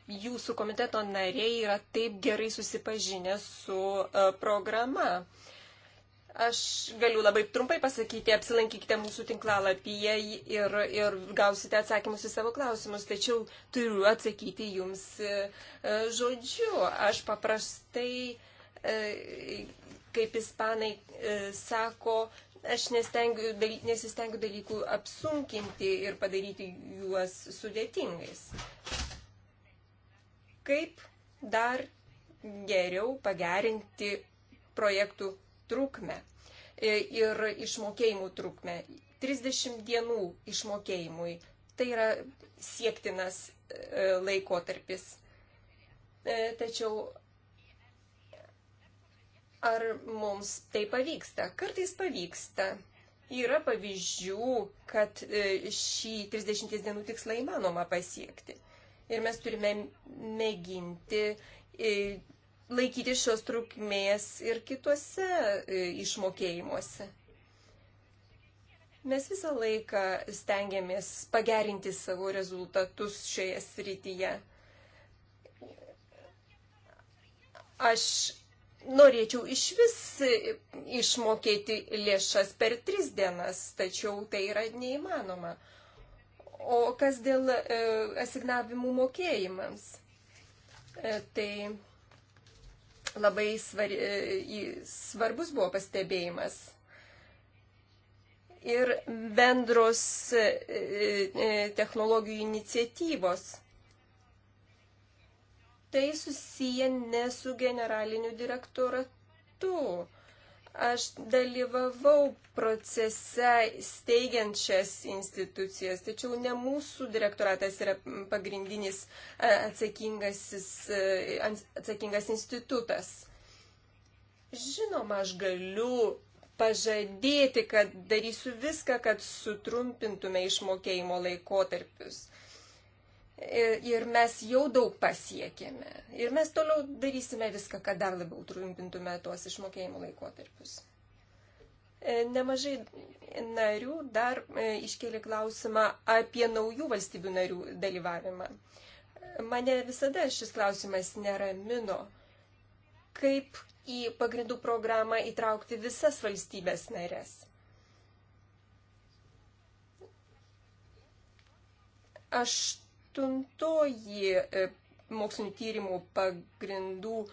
jūsų komiteto nariai yra taip gerai susipažinę su e, programa. E, Aš galiu labai trumpai pasakyti, apsilankykite mūsų tinklalapyje ir, ir gausite atsakymus į savo klausimus, tačiau turiu atsakyti jums e, e, žodžiu. Aš paprastai, e, kaip ispanai sako, aš nesistengiu, nesistengiu dalykų apsunkinti ir padaryti juos sudėtingais. Kaip dar geriau pagerinti projektų trukmę e, ir išmokėjimų trukmę. 30 dienų išmokėjimui. Tai yra siektinas e, laikotarpis. E, tačiau ar mums tai pavyksta? Kartais pavyksta. Yra pavyzdžių, kad šį 30 dienų tikslą įmanoma pasiekti. Ir mes turime mėginti laikyti šios trukmės ir kituose e, išmokėjimuose. Mes visą laiką stengiamės pagerinti savo rezultatus šioje srityje. Aš norėčiau iš vis išmokėti lėšas per tris dienas, tačiau tai yra neįmanoma. O kas dėl e, asignavimų mokėjimams? E, tai labai svar, svarbus buvo pastebėjimas. Ir bendros e, e, technologijų iniciatyvos. Tai susiję ne su generaliniu direktoratu Aš dalyvavau procese steigiant šias institucijas, tačiau ne mūsų direktoratas yra pagrindinis e, e, atsakingas institutas. Žinoma, aš galiu pažadėti, kad darysiu viską, kad sutrumpintume išmokėjimo laikotarpius ir mes jau daug pasiekėme. Ir mes toliau darysime viską, kad dar labiau trumpintume tuos išmokėjimo laikotarpius. E, nemažai narių dar e, iškėlė klausimą apie naujų valstybių narių dalyvavimą. Mane visada šis klausimas neramino, kaip į pagrindų programą įtraukti visas valstybės narės. Aš aštuntoji e, mokslinio tyrimų pagrindų e,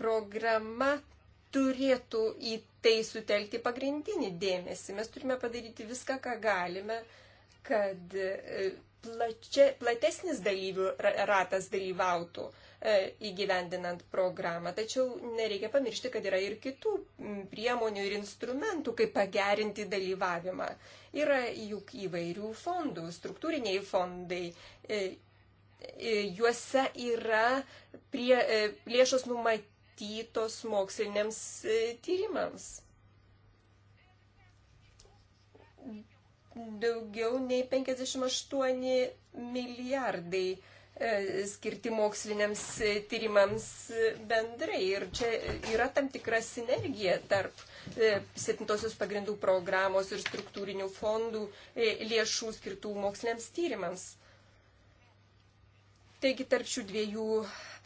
programa turėtų į tai sutelkti pagrindinį dėmesį. Mes turime padaryti viską, ką galime, kad e, plačia, platesnis dalyvių ratas dalyvautų. E, įgyvendinant programą. Tačiau nereikia pamiršti, kad yra ir kitų priemonių ir instrumentų, kaip pagerinti dalyvavimą. Yra juk įvairių fondų, struktūriniai fondai. E, e, juose yra prie, lėšos numatytos moksliniams tyrimams. Daugiau nei 58 milijardai E, skirti moksliniams e, tyrimams e, bendrai. Ir čia yra tam tikra sinergija tarp septintosios pagrindų programos ir struktūrinių fondų lėšų skirtų moksliniams tyrimams. Taigi tarp šių dviejų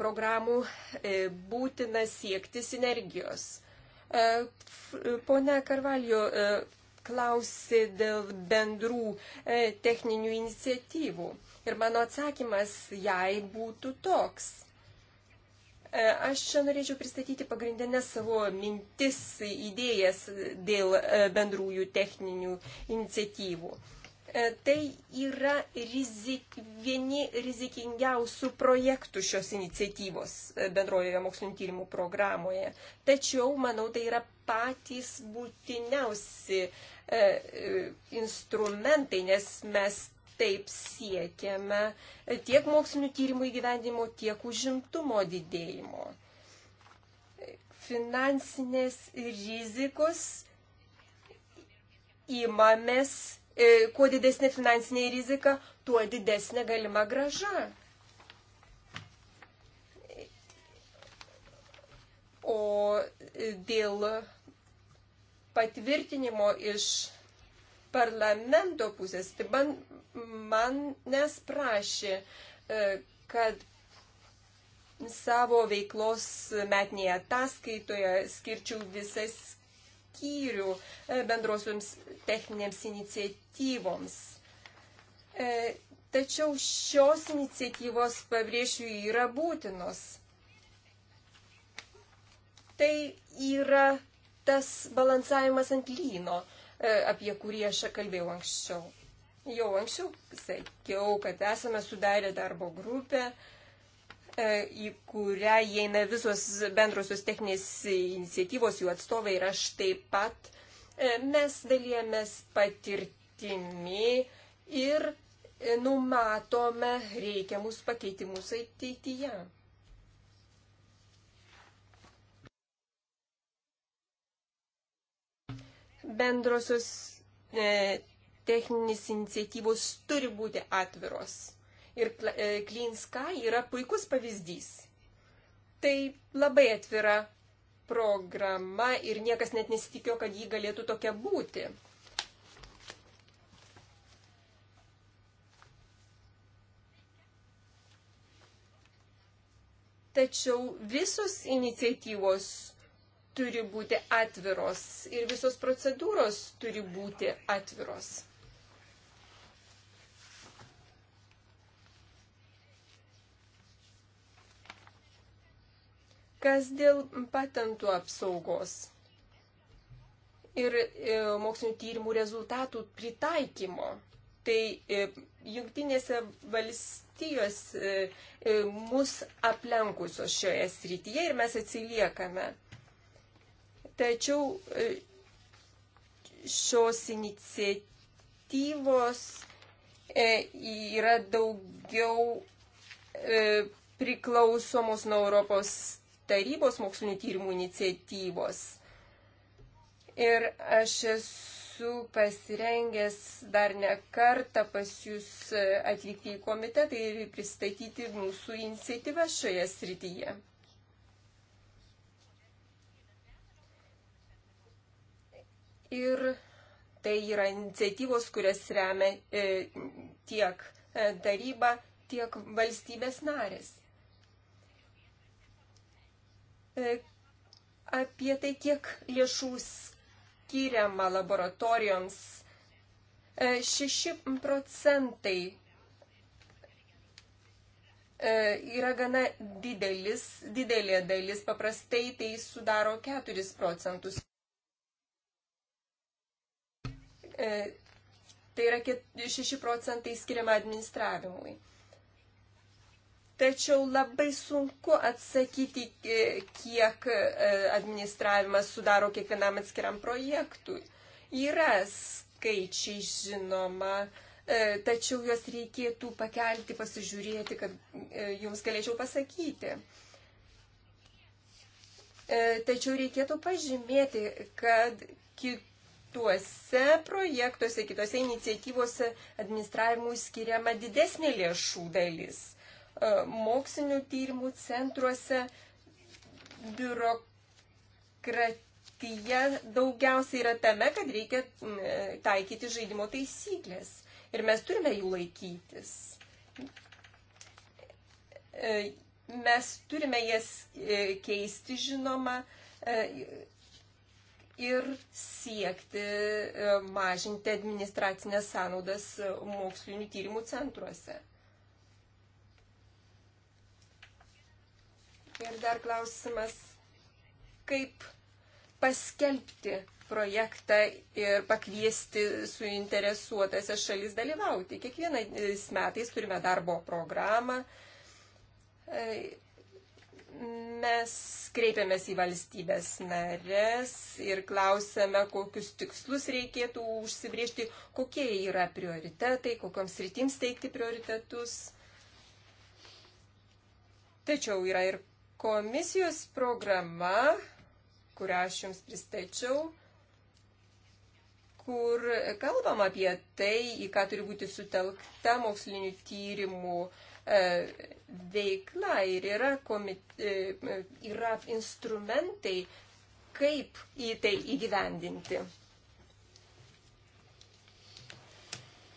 programų būtina siekti sinergijos. Pone Karvalio klausė dėl bendrų techninių iniciatyvų. Ir mano atsakymas jai būtų toks. E, aš čia norėčiau pristatyti pagrindinės savo mintis, idėjas dėl e, bendrųjų techninių iniciatyvų. E, tai yra rizik, vieni rizikingiausių projektų šios iniciatyvos bendrojoje mokslinio tyrimų programoje. Tačiau, manau, tai yra patys būtiniausi e, instrumentai, nes mes taip siekiame tiek mokslinių tyrimų įgyvendimo, tiek užimtumo didėjimo. Finansinės rizikos įmamės, e, kuo didesnė finansinė rizika, tuo didesnė galima graža. O dėl patvirtinimo iš parlamento pusės, tai man man nes prašė, e, kad savo veiklos metinėje ataskaitoje skirčiau visas skyrių e, bendrosioms techninėms iniciatyvoms. E, tačiau šios iniciatyvos, pabrėšiu, yra būtinos. Tai yra tas balansavimas ant lyno, apie kurį aš kalbėjau anksčiau. Jau anksčiau sakiau, kad esame sudarę darbo grupę, e, į kurią įeina visos bendrosios techninės iniciatyvos, jų atstovai ir aš taip pat. E, mes dalyjamės patirtimi ir e, numatome reikiamus pakeitimus ateityje. Bendrosios e, techninės iniciatyvos turi būti atviros. Ir e, Clean Sky yra puikus pavyzdys. Tai labai atvira programa ir niekas net nesitikėjo, kad ji galėtų tokia būti. Tačiau visos iniciatyvos turi būti atviros ir visos procedūros turi būti atviros. Kas dėl patentų apsaugos ir e, mokslinio tyrimų rezultatų pritaikymo, tai e, jungtinėse valstijos e, mus aplenkusios šioje srityje ir mes atsiliekame. Tačiau šios iniciatyvos yra daugiau priklausomos nuo Europos tarybos mokslinių tyrimų iniciatyvos. Ir aš esu pasirengęs dar ne kartą pas jūs atvykti į komitetą ir pristatyti mūsų iniciatyvą šioje srityje. Ir tai yra iniciatyvos, kurias remia e, tiek e, taryba, tiek valstybės narės. E, apie tai, kiek lėšų skiriama laboratorijoms. 6 e, procentai e, yra gana didelis, didelė dalis, paprastai tai sudaro 4 procentus. Tai yra 6 procentai skiriama administravimui tačiau labai sunku atsakyti, e, kiek e, administravimas sudaro kiekvienam atskiram projektui. Yra skaičiai žinoma, e, tačiau juos reikėtų pakelti, pasižiūrėti, kad jums galėčiau pasakyti. Tačiau reikėtų pažymėti, kad kituose projektuose, kitose iniciatyvose administravimui skiriama didesnė lėšų dalis E, mokslinių tyrimų centruose biurokratija daugiausiai yra tame, kad reikia e, taikyti žaidimo taisyklės. Ir mes turime jų laikytis. E, mes turime jas keisti, žinoma, ir siekti mažinti administracinės sąnaudas mokslinių tyrimų centruose. Ir dar klausimas, kaip paskelbti projektą ir pakviesti suinteresuotasias šalis dalyvauti. Kiekvienais metais turime darbo programą. Mes kreipiamės į valstybės narės ir klausėme, kokius tikslus reikėtų užsibriežti, kokie yra prioritetai, kokioms rytims teikti prioritetus. Tačiau yra ir Komisijos programa, kurią aš jums pristačiau, kur kalbam apie tai, į ką turi būti sutelkta mokslinių tyrimų e, veikla ir yra, komit, e, yra instrumentai, kaip į tai įgyvendinti.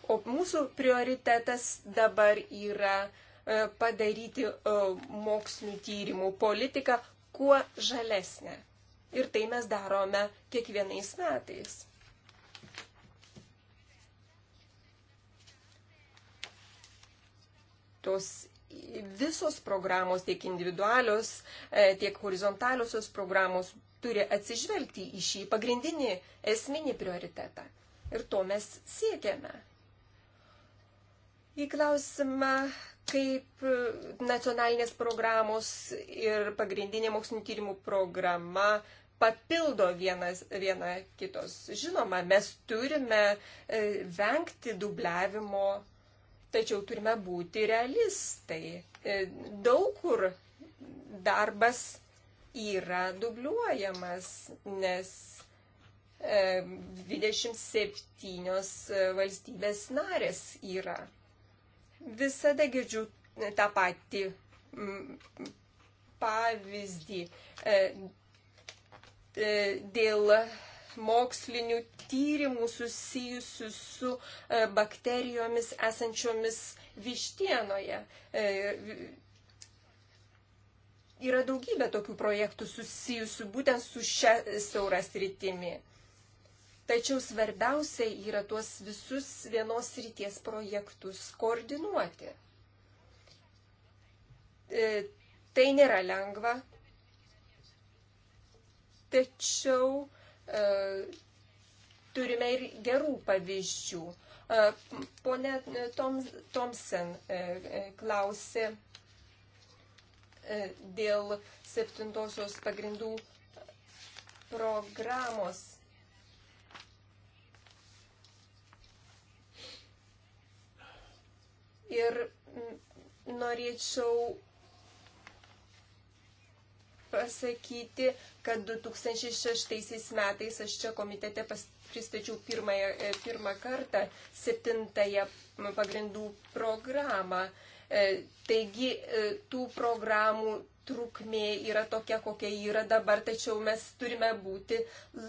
O mūsų prioritetas dabar yra E, padaryti e, mokslinių tyrimų politiką kuo žalesnę. Ir tai mes darome kiekvienais metais. Tos visos programos, tiek individualios, e, tiek horizontaliosios programos turi atsižvelgti į šį pagrindinį esminį prioritetą. Ir to mes siekiame. Į klausimą, kaip e, nacionalinės programos ir pagrindinė mokslinio tyrimų programa papildo vienas, viena kitos. Žinoma, mes turime e, vengti dubliavimo, tačiau turime būti realistai. E, daug kur darbas yra dubliuojamas, nes 27 valstybės narės yra visada girdžiu e, tą patį pavyzdį e, e, dėl mokslinių tyrimų susijusių su bakterijomis esančiomis vištienoje. Yra daugybė tokių projektų susijusių būtent su šia siauras rytimi. Tačiau svarbiausia yra tuos visus vienos ryties projektus koordinuoti. E, tai nėra lengva, tačiau e, turime ir gerų pavyzdžių. E, pone Thompson klausė dėl septintosios pagrindų programos ir norėčiau pasakyti, kad 2006 metais aš čia komitete pas, pristačiau pirmąją, e, pirmą kartą septintąją pagrindų programą. E, taigi e, tų programų trukmė yra tokia, kokia yra dabar, tačiau mes turime būti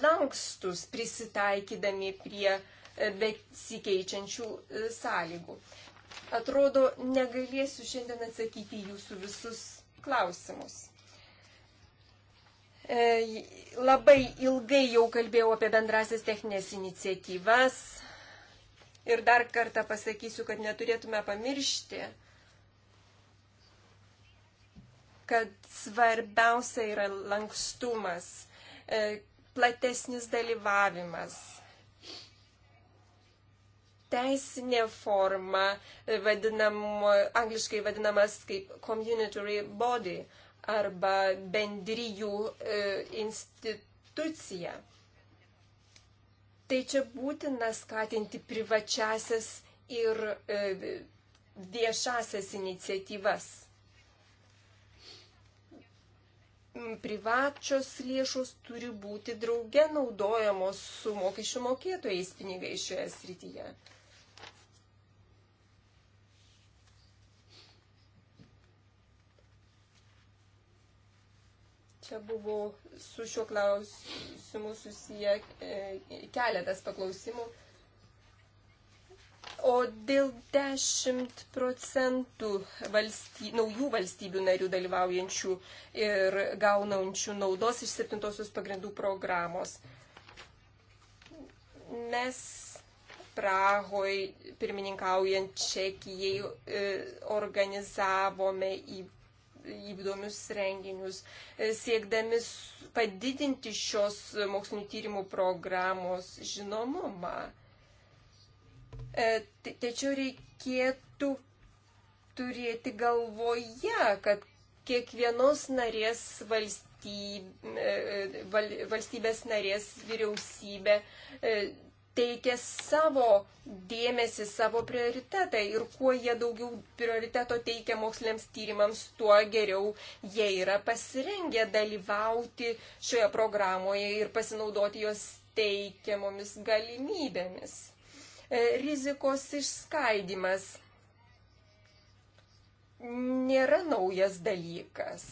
lankstus prisitaikydami prie besikeičiančių sąlygų. Atrodo, negalėsiu šiandien atsakyti jūsų visus klausimus. E, labai ilgai jau kalbėjau apie bendrasis techninės iniciatyvas ir dar kartą pasakysiu, kad neturėtume pamiršti, kad svarbiausia yra lankstumas, e, platesnis dalyvavimas teisinė forma, e, vadinam, angliškai vadinamas kaip community body arba bendryjų e, institucija. Tai čia būtina skatinti privačiasias ir e, viešasias iniciatyvas. Mm, privačios lėšos turi būti drauge naudojamos su mokesčių mokėtojais pinigais šioje srityje. čia buvo su šiuo klausimu susiję e, keletas paklausimų. O dėl 10 procentų valsty, naujų valstybių narių dalyvaujančių ir gaunančių naudos iš septintosios pagrindų programos. Mes Prahoj, pirmininkaujant Čekijai, e, organizavome į įdomius renginius, e, siekdami padidinti šios mokslinių tyrimų programos žinomumą. E, tačiau reikėtų turėti galvoje, kad kiekvienos narės valstybės, e, valstybės narės vyriausybė teikia savo dėmesį, savo prioritetą ir kuo jie daugiau prioriteto teikia moksliniams tyrimams, tuo geriau jie yra pasirengę dalyvauti šioje programoje ir pasinaudoti jos teikiamomis galimybėmis. E, rizikos išskaidimas nėra naujas dalykas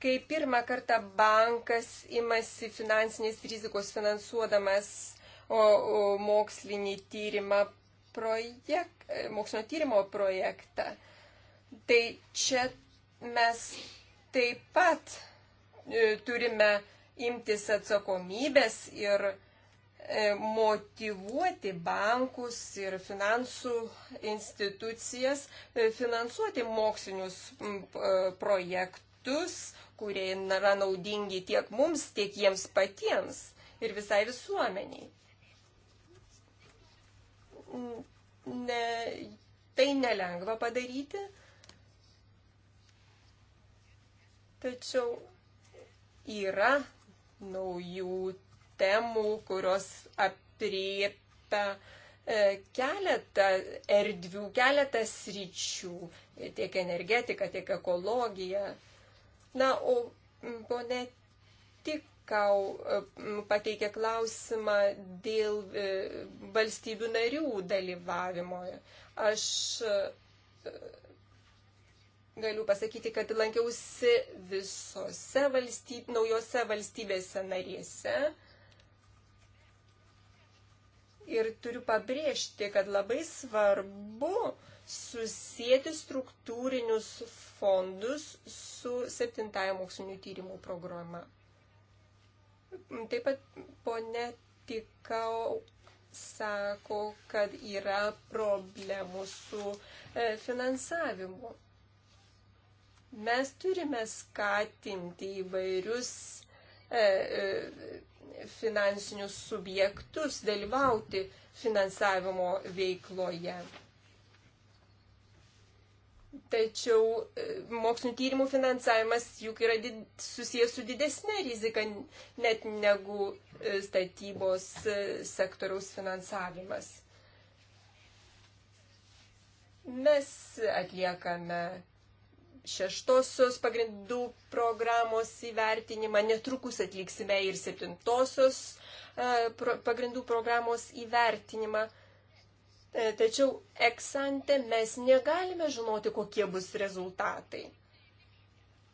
kai pirmą kartą bankas imasi finansinės rizikos finansuodamas o, o, mokslinį tyrimą projek, mokslinio tyrimo projektą. Tai čia mes taip pat e, turime imtis atsakomybės ir e, motivuoti bankus ir finansų institucijas e, finansuoti mokslinius m, e, projektus, kurie yra naudingi tiek mums, tiek jiems patiems ir visai visuomeniai. Ne, tai nelengva padaryti, tačiau yra naujų temų, kurios apriepia e, keletą erdvių, keletą sričių, tiek energetika, tiek ekologija. Na, o ponė Tikau e, pateikė klausimą dėl e, valstybių narių dalyvavimo. Aš e, galiu pasakyti, kad lankiausi visose valstyb, naujose valstybėse narėse. Ir turiu pabrėžti, kad labai svarbu susijęti struktūrinius fondus su septintąją mokslinių tyrimų programa. Taip pat ponė Tikau sako, kad yra problemų su e, finansavimu. Mes turime skatinti įvairius e, e, finansinius subjektus dalyvauti finansavimo veikloje. Tačiau e, mokslinio tyrimų finansavimas juk yra did, susijęs su didesnė rizika net negu e, statybos e, sektoriaus finansavimas. Mes atliekame šeštosios pagrindų programos įvertinimą, netrukus atliksime ir septintosios pagrindų programos įvertinimą E, tačiau eksante mes negalime žinoti, kokie bus rezultatai.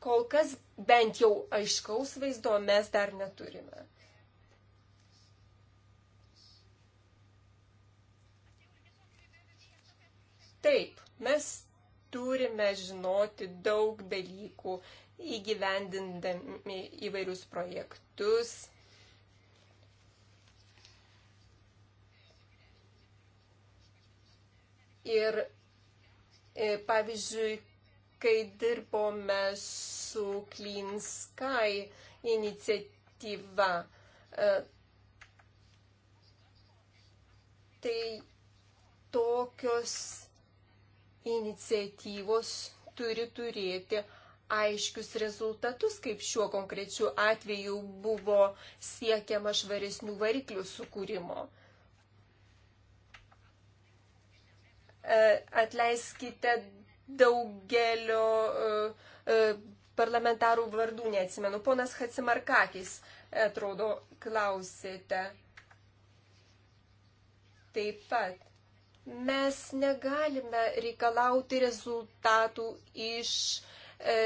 Kol kas bent jau aiškaus vaizdo mes dar neturime. Taip, mes turime žinoti daug dalykų įgyvendindami įvairius projektus, Ir e, pavyzdžiui, kai dirbome su Clean Sky iniciatyva, e, tai tokios iniciatyvos turi turėti aiškius rezultatus, kaip šiuo konkrečiu atveju buvo siekiama švaresnių variklių sukūrimo. E, atleiskite daugelio e, e, parlamentarų vardų neatsimenu. Ponas Hatsimarkakis, atrodo, klausėte. Taip pat. Mes negalime reikalauti rezultatų iš e,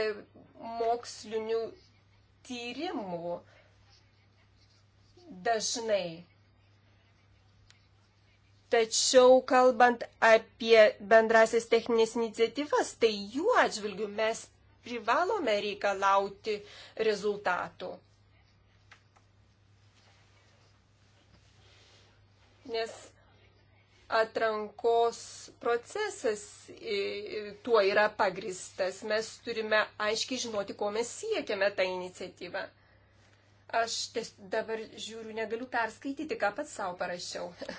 mokslinių tyrimų dažnai. Tačiau kalbant apie bendrasis techninės iniciatyvas, tai jų atžvilgių mes privalome reikalauti rezultatų. Nes atrankos procesas tuo yra pagristas. Mes turime aiškiai žinoti, ko mes siekiame tą iniciatyvą. Aš dabar žiūriu, negaliu perskaityti, ką pats savo parašiau. (laughs)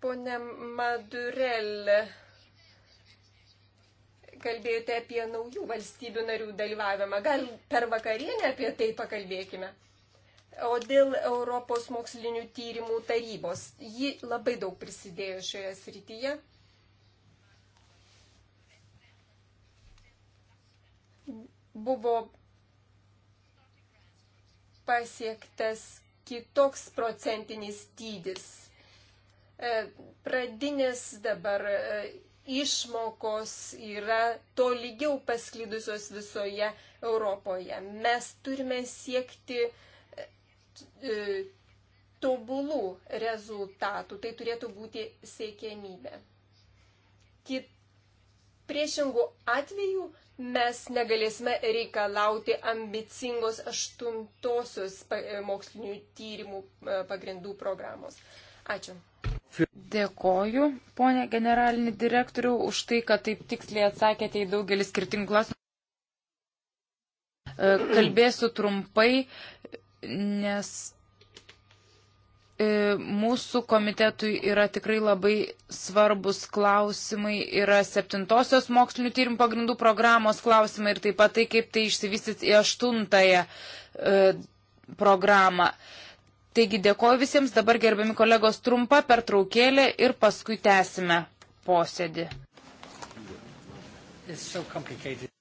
Pone Madurel, kalbėjote apie naujų valstybių narių dalyvavimą. Gal per vakarienę apie tai pakalbėkime. O dėl Europos mokslinių tyrimų tarybos. Ji labai daug prisidėjo šioje srityje. Buvo pasiektas kitoks procentinis dydis E, pradinės dabar e, išmokos yra to lygiau pasklydusios visoje Europoje. Mes turime siekti e, tobulų rezultatų. Tai turėtų būti siekiamybė. Kit priešingų atvejų mes negalėsime reikalauti ambicingos aštuntosios mokslinių tyrimų pagrindų programos. Ačiū. Dėkoju, ponė generalinį direktorių, už tai, kad taip tiksliai atsakėte į daugelį skirtingų klausimų. E, kalbėsiu trumpai, nes e, mūsų komitetui yra tikrai labai svarbus klausimai, yra septintosios mokslinių tyrimų pagrindų programos klausimai ir taip pat tai, kaip tai išsivystys į aštuntąją e, programą. Taigi dėkoju visiems, dabar gerbiami kolegos trumpa per traukėlę ir paskui tęsime posėdį. It's so complicated.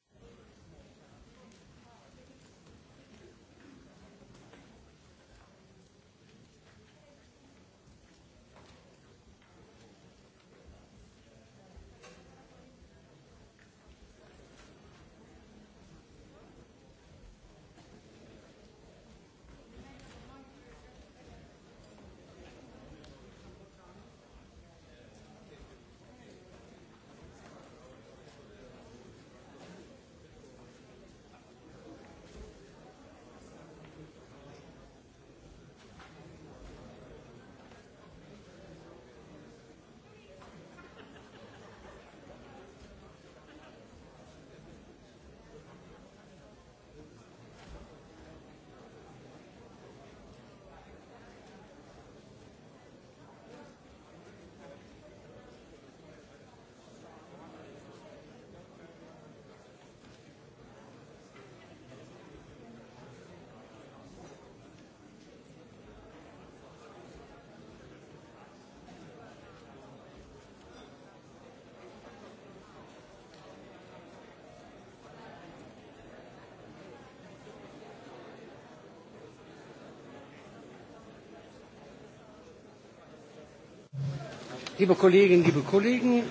Liebe Kolleginnen, liebe Kollegen.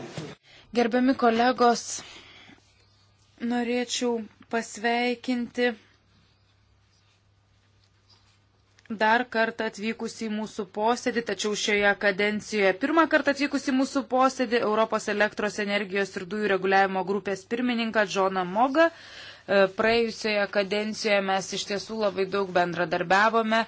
Gerbiami kolegos, norėčiau pasveikinti dar kartą atvykusi į mūsų posėdį, tačiau šioje kadencijoje pirmą kartą atvykusi į mūsų posėdį Europos elektros energijos ir dujų reguliavimo grupės pirmininką Džoną Mogą. E, praėjusioje kadencijoje mes iš tiesų labai daug bendradarbiavome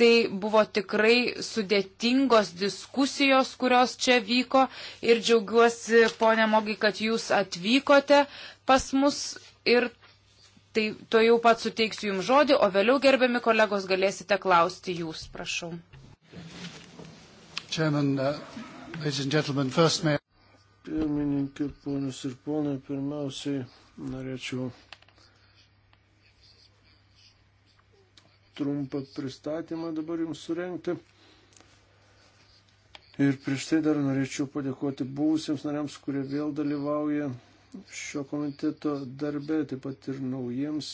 tai buvo tikrai sudėtingos diskusijos, kurios čia vyko ir džiaugiuosi, ponė Mogi, kad jūs atvykote pas mus ir tai to jau pat suteiksiu jums žodį, o vėliau gerbiami kolegos galėsite klausti jūs, prašau. Chairman, uh, Pirmininkė, ponius ir ponai, pirmiausiai norėčiau trumpą pristatymą dabar jums surenkti. Ir prieš tai dar norėčiau padėkoti buvusiems nariams, kurie vėl dalyvauja šio komiteto darbe, taip pat ir naujiems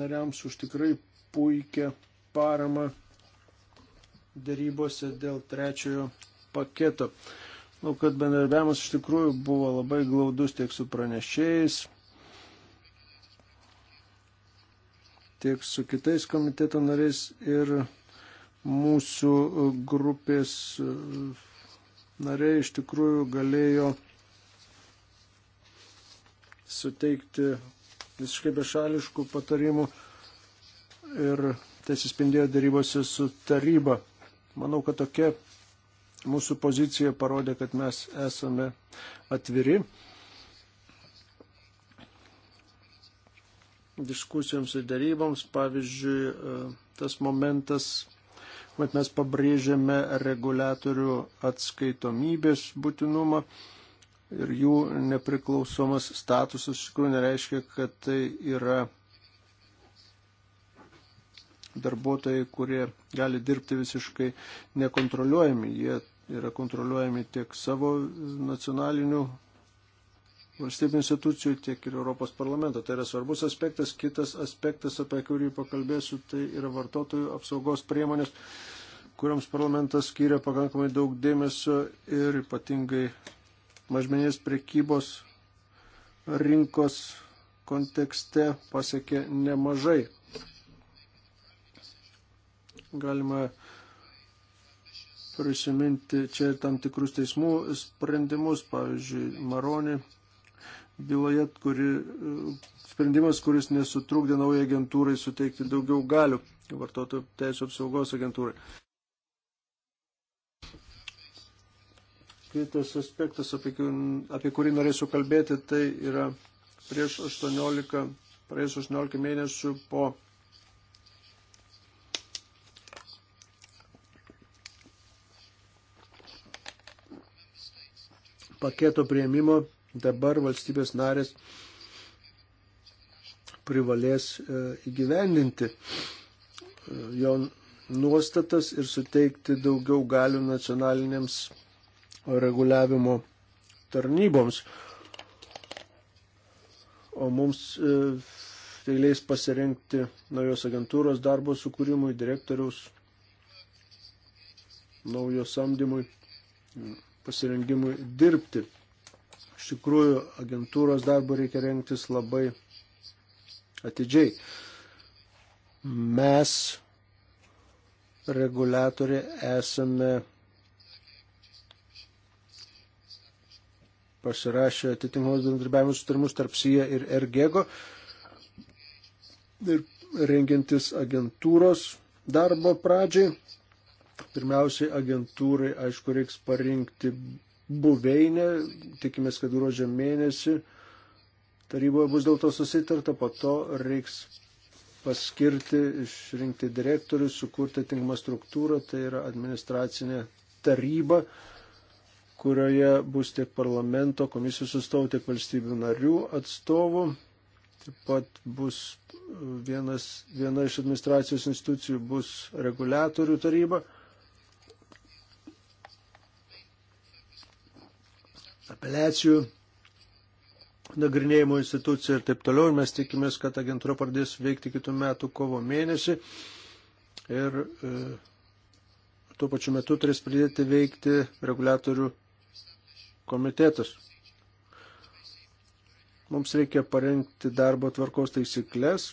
nariams už tikrai puikią paramą darybose dėl trečiojo paketo. Manau, kad bendarbiavimas iš tikrųjų buvo labai glaudus tiek su pranešėjais, tiek su kitais komiteto nariais ir mūsų grupės e, nariai iš tikrųjų galėjo suteikti visiškai bešališkų patarimų ir tai atsispindėjo darybose su taryba. Manau, kad tokia mūsų pozicija parodė, kad mes esame atviri diskusijoms ir daryboms. Pavyzdžiui, e, tas momentas, kuomet mes pabrėžėme reguliatorių atskaitomybės būtinumą ir jų nepriklausomas statusas iš tikrųjų nereiškia, kad tai yra darbuotojai, kurie gali dirbti visiškai nekontroliuojami. Jie yra kontroliuojami tiek savo nacionalinių valstybinių institucijų, tiek ir Europos parlamento. Tai yra svarbus aspektas. Kitas aspektas, apie kurį pakalbėsiu, tai yra vartotojų apsaugos priemonės, kuriams parlamentas skiria pakankamai daug dėmesio ir ypatingai mažmenės prekybos rinkos kontekste pasiekė nemažai. Galima prisiminti čia tam tikrus teismų sprendimus, pavyzdžiui, Maronį byloje, kuri, sprendimas, kuris nesutrukdė naujai agentūrai suteikti daugiau galių vartotojų teisų apsaugos agentūrai. Kitas aspektas, apie, apie kurį norėsiu kalbėti, tai yra prieš 18, praėjus 18 mėnesių po paketo prieimimo Dabar valstybės narės privalės e, įgyvendinti e, jo nuostatas ir suteikti daugiau galių nacionalinėms reguliavimo tarnyboms. O mums e, tai leis pasirinkti naujos agentūros darbo sukūrimui, direktoriaus naujo samdymui, pasirengimui dirbti. Iš tikrųjų, agentūros darbo reikia rengtis labai atidžiai. Mes, reguliatoriai, esame pasirašė atitinkamus bendradarbiavimus sutarimus tarp SIA ir RGEGO. Ir rengiantis agentūros darbo pradžiai, pirmiausiai agentūrai, aišku, reiks parinkti buveinę. Tikimės, kad gruodžio mėnesį taryboje bus dėl to susitarta, po to reiks paskirti, išrinkti direktorius, sukurti tinkamą struktūrą, tai yra administracinė taryba, kurioje bus tiek parlamento komisijos atstovų, tiek valstybių narių atstovų. Taip pat bus e, vienas, viena iš administracijos institucijų bus reguliatorių taryba. apeliacijų nagrinėjimo institucija ir taip toliau. Ir mes tikimės, kad agentūra pradės veikti kitų metų kovo mėnesį. Ir e, tuo pačiu metu turės pradėti veikti reguliatorių komitetas. Mums reikia parengti darbo tvarkos taisyklės,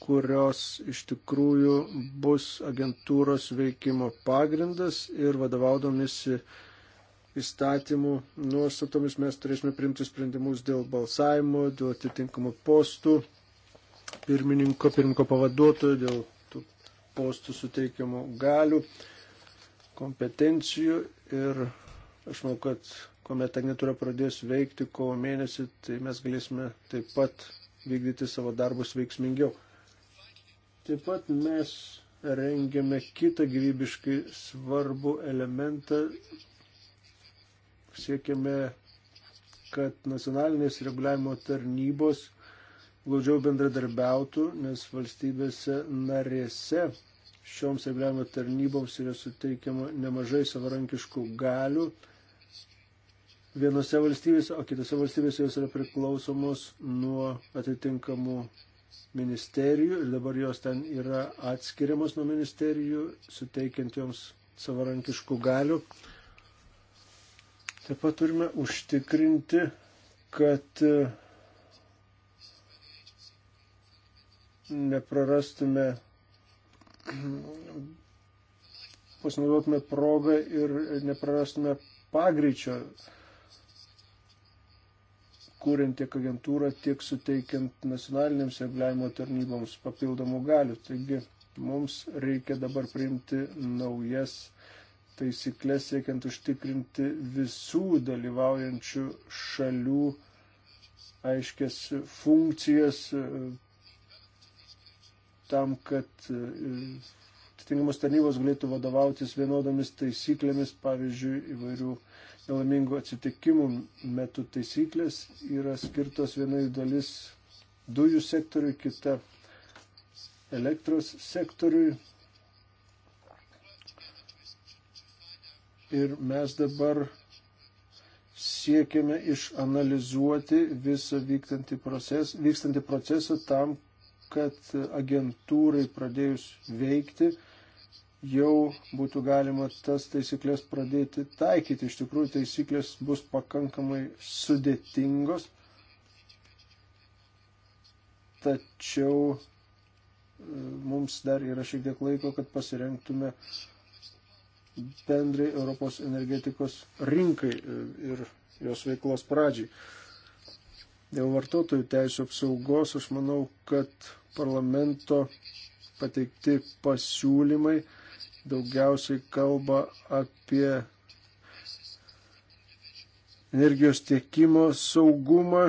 kurios iš tikrųjų bus agentūros veikimo pagrindas ir vadovaudomisi įstatymų nuostatomis mes turėsime priimti sprendimus dėl balsavimo, dėl atitinkamų postų, pirmininko, pirmininko pavaduotojų, dėl tų postų suteikiamų galių, kompetencijų ir aš manau, kad kuomet agentūra pradės veikti kovo mėnesį, tai mes galėsime taip pat vykdyti savo darbus veiksmingiau. Taip pat mes rengiame kitą gyvybiškai svarbų elementą Siekiame, kad nacionalinės reguliavimo tarnybos glaudžiau bendradarbiautų, nes valstybėse narėse šioms reguliavimo tarnyboms yra suteikiama nemažai savarankiškų galių. Vienose valstybėse, o kitose valstybėse jos yra priklausomos nuo atitinkamų ministerijų ir dabar jos ten yra atskiriamos nuo ministerijų, suteikiant joms savarankiškų galių. Taip pat turime užtikrinti, kad e, neprarastume, pasinaudotume progą ir neprarastume pagreičio, kuriant tiek agentūrą, tiek suteikiant nacionalinėms reguliavimo tarnyboms papildomų galių. Taigi mums reikia dabar priimti naujas taisyklės siekiant užtikrinti visų dalyvaujančių šalių aiškės funkcijas tam, kad e, atitinkamos tarnybos galėtų vadovautis vienodomis taisyklėmis, pavyzdžiui, įvairių nelamingų atsitikimų metų taisyklės yra skirtos vienai dalis dujų sektoriui, kita elektros sektoriui. Ir mes dabar siekiame išanalizuoti visą vykstantį procesą, vykstantį procesą tam, kad agentūrai pradėjus veikti, jau būtų galima tas taisyklės pradėti taikyti. Iš tikrųjų, taisyklės bus pakankamai sudėtingos, tačiau e, mums dar yra šiek tiek laiko, kad pasirenktume uh, bendrai Europos energetikos rinkai e, ir jos veiklos pradžiai. Dėl vartotojų teisų apsaugos aš manau, kad parlamento pateikti pasiūlymai daugiausiai kalba apie energijos tiekimo saugumą,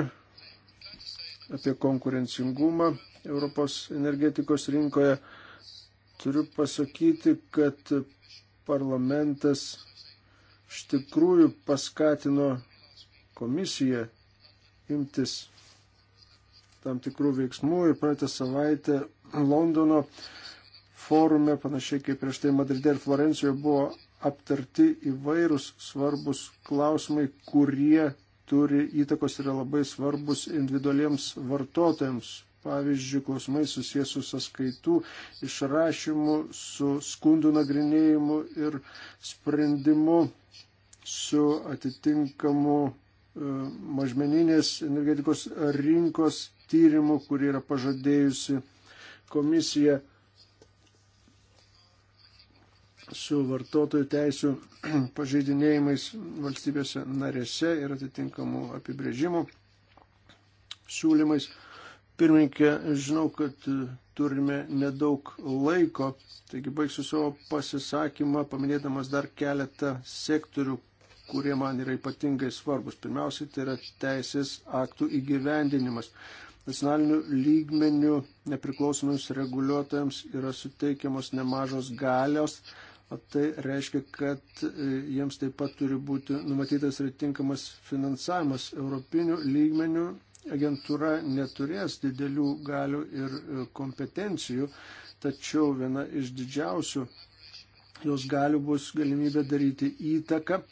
apie konkurencingumą Europos energetikos rinkoje. Turiu pasakyti, kad parlamentas iš tikrųjų paskatino komisiją imtis tam tikrų veiksmų ir praeitą savaitę Londono forume, panašiai kaip prieš tai Madride ir Florencijoje, buvo aptarti įvairūs svarbus klausimai, kurie turi įtakos ir yra labai svarbus individualiems vartotojams pavyzdžiui, klausimai susijęs su sąskaitų išrašymu, su skundų nagrinėjimu ir sprendimu, su atitinkamu e, mažmeninės energetikos rinkos tyrimu, kurį yra pažadėjusi komisija su vartotojų teisų (clears throat) pažeidinėjimais valstybėse narėse ir atitinkamų apibrėžimų siūlymais. Pirminkė, žinau, kad e, turime nedaug laiko, taigi baigsiu savo pasisakymą, paminėdamas dar keletą sektorių, kurie man yra ypatingai svarbus. Pirmiausiai tai yra teisės aktų įgyvendinimas. Nacionaliniu lygmeniu nepriklausomus reguliuotojams yra suteikiamos nemažos galios, o tai reiškia, kad e, jiems taip pat turi būti numatytas ir tinkamas finansavimas. Europiniu lygmeniu agentūra neturės didelių galių ir e, kompetencijų, tačiau viena iš didžiausių jos galių bus galimybė daryti įtaką.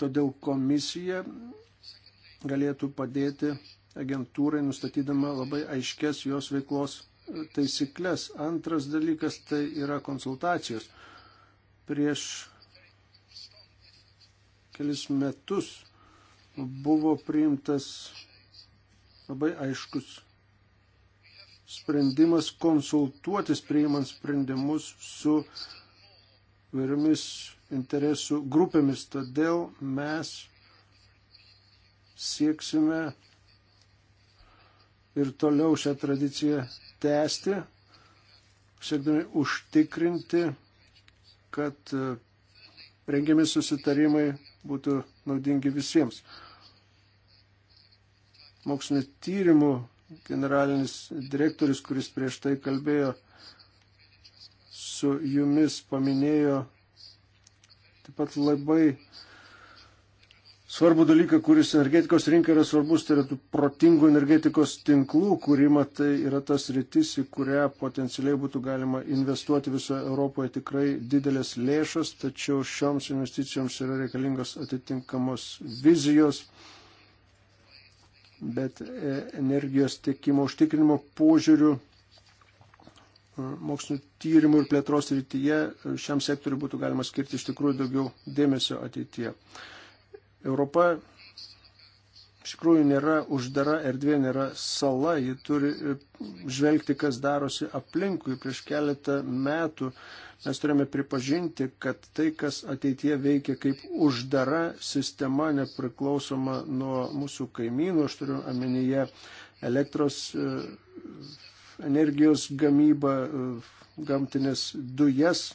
Todėl komisija galėtų padėti agentūrai nustatydama labai aiškes jos veiklos e, taisyklės. Antras dalykas tai yra konsultacijos. Prieš kelis metus buvo priimtas labai aiškus sprendimas konsultuotis priimant sprendimus su vairiomis interesų grupėmis. Todėl mes sieksime ir toliau šią tradiciją tęsti, siekdami užtikrinti, kad rengiami susitarimai būtų naudingi visiems mokslinio tyrimų generalinis direktorius, kuris prieš tai kalbėjo su jumis, paminėjo taip pat labai svarbų dalyką, kuris energetikos rinkai yra svarbus, tai yra tų protingų energetikos tinklų kūrimą, tai yra tas rytis, į kurią potencialiai būtų galima investuoti visoje Europoje tikrai didelės lėšas, tačiau šioms investicijoms yra reikalingos atitinkamos vizijos bet e, energijos tiekimo užtikrinimo požiūrių e, mokslinio tyrimų ir plėtros rytyje e, šiam sektoriu būtų galima skirti iš tikrųjų daugiau dėmesio ateityje. Europa iš tikrųjų nėra uždara erdvė, nėra sala, ji turi e, žvelgti, kas darosi aplinkui. Prieš keletą metų mes turime pripažinti, kad tai, kas ateitie veikia kaip uždara sistema, nepriklausoma nuo mūsų kaimynų, aš turiu omenyje elektros e, energijos gamybą, e, gamtinės dujas,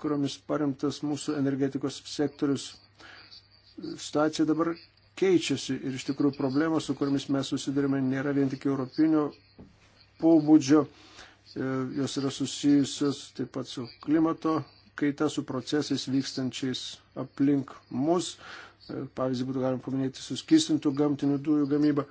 kuriomis paremtas mūsų energetikos sektorius. Situacija dabar keičiasi ir iš tikrųjų problemos, su kuriamis mes susidurime, nėra vien tik europinio pobūdžio, e, jos yra susijusios taip pat su klimato kaita, su procesais vykstančiais aplink mus. E, pavyzdį būtų galima paminėti suskistintų gamtinių dujų gamybą.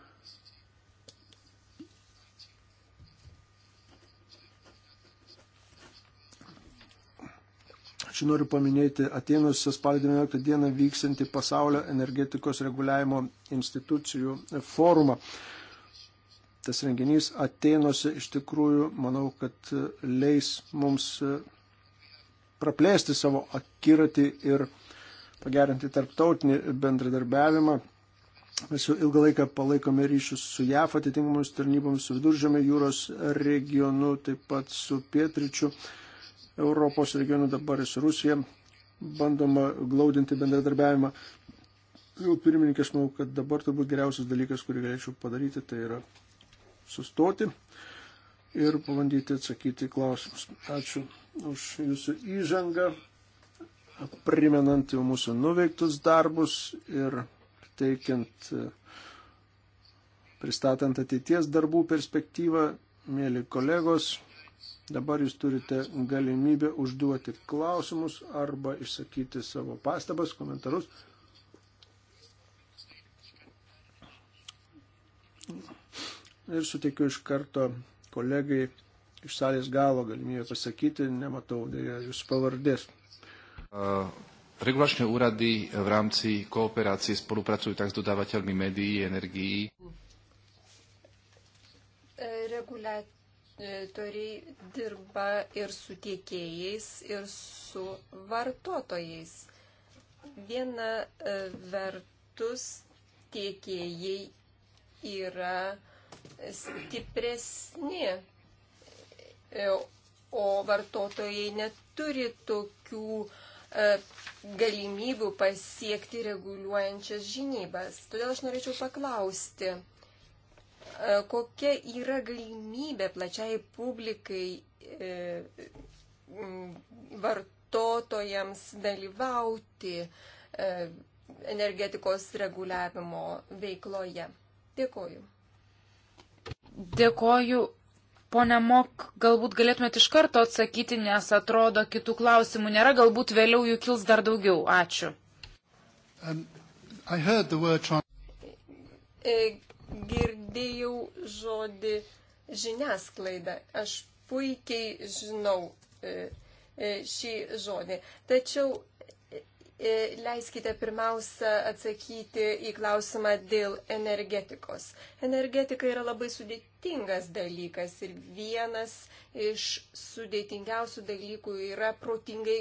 Čia noriu paminėti Atenus spalio 19 dieną vyksantį pasaulio energetikos reguliavimo institucijų forumą. Tas renginys Atenuose iš tikrųjų, manau, kad leis mums praplėsti savo akiratį ir pagerinti tarptautinį bendradarbiavimą. Mes jau ilgą laiką palaikome ryšius su JAF atitinkamomis tarnybomis, su viduržėme jūros regionu, taip pat su pietričiu Europos regionų, dabar ir su Rusija bandoma glaudinti bendradarbiavimą. Jau pirmininkas, manau, kad dabar turbūt geriausias dalykas, kurį galėčiau padaryti, tai yra sustoti ir pabandyti atsakyti klausimus. Ačiū už jūsų įžangą, primenant jau mūsų nuveiktus darbus ir teikiant, pristatant ateities darbų perspektyvą, mėly kolegos. Dabar jūs turite galimybę užduoti klausimus arba išsakyti savo pastabas, komentarus. Ir suteikiu iš karto kolegai iš salės galo galimybę pasakyti, nematau dėja jūsų pavardės. Uh. Regulačné úrady v rámci kooperácie spolupracujú tak s dodávateľmi médií, energií. Regulat distributoriai e, dirba ir su tiekėjais, ir su vartotojais. Viena e, vertus tiekėjai yra stipresni, e, o vartotojai neturi tokių galimybių pasiekti reguliuojančias žinybas. Todėl aš norėčiau paklausti, E, kokia yra galimybė plačiai publikai e, vartotojams dalyvauti e, energetikos reguliavimo veikloje. Dėkoju. Dėkoju. Pone Mok, galbūt galėtumėte iš karto atsakyti, nes atrodo kitų klausimų nėra, galbūt vėliau jų kils dar daugiau. Ačiū. Um, girdėjau žodį žiniasklaida. Aš puikiai žinau e, e, šį žodį. Tačiau e, leiskite pirmiausia atsakyti į klausimą dėl energetikos. Energetika yra labai sudėtingas dalykas ir vienas iš sudėtingiausių dalykų yra protingai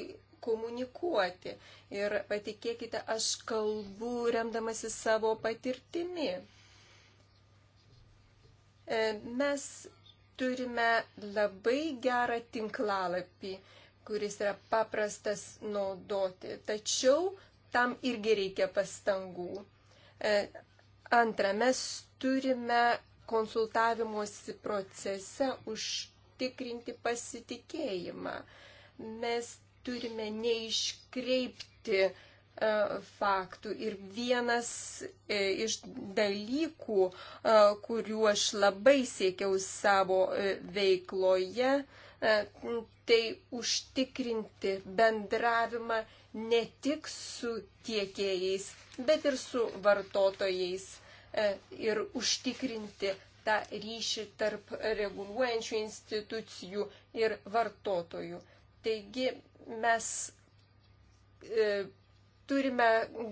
komunikuoti. Ir patikėkite, aš kalbu remdamasi savo patirtimi. E, mes turime labai gerą tinklalapį, kuris yra paprastas naudoti, tačiau tam irgi reikia pastangų. E, antra, mes turime konsultavimuose procese užtikrinti pasitikėjimą. Mes turime neiškreipti uh, E, faktų. Ir vienas e, iš dalykų, e, kuriuo aš labai siekiau savo veikloje, tai užtikrinti bendravimą ne tik su tiekėjais, bet ir su vartotojais ir užtikrinti tą ryšį tarp reguliuojančių institucijų ir vartotojų. Taigi mes turime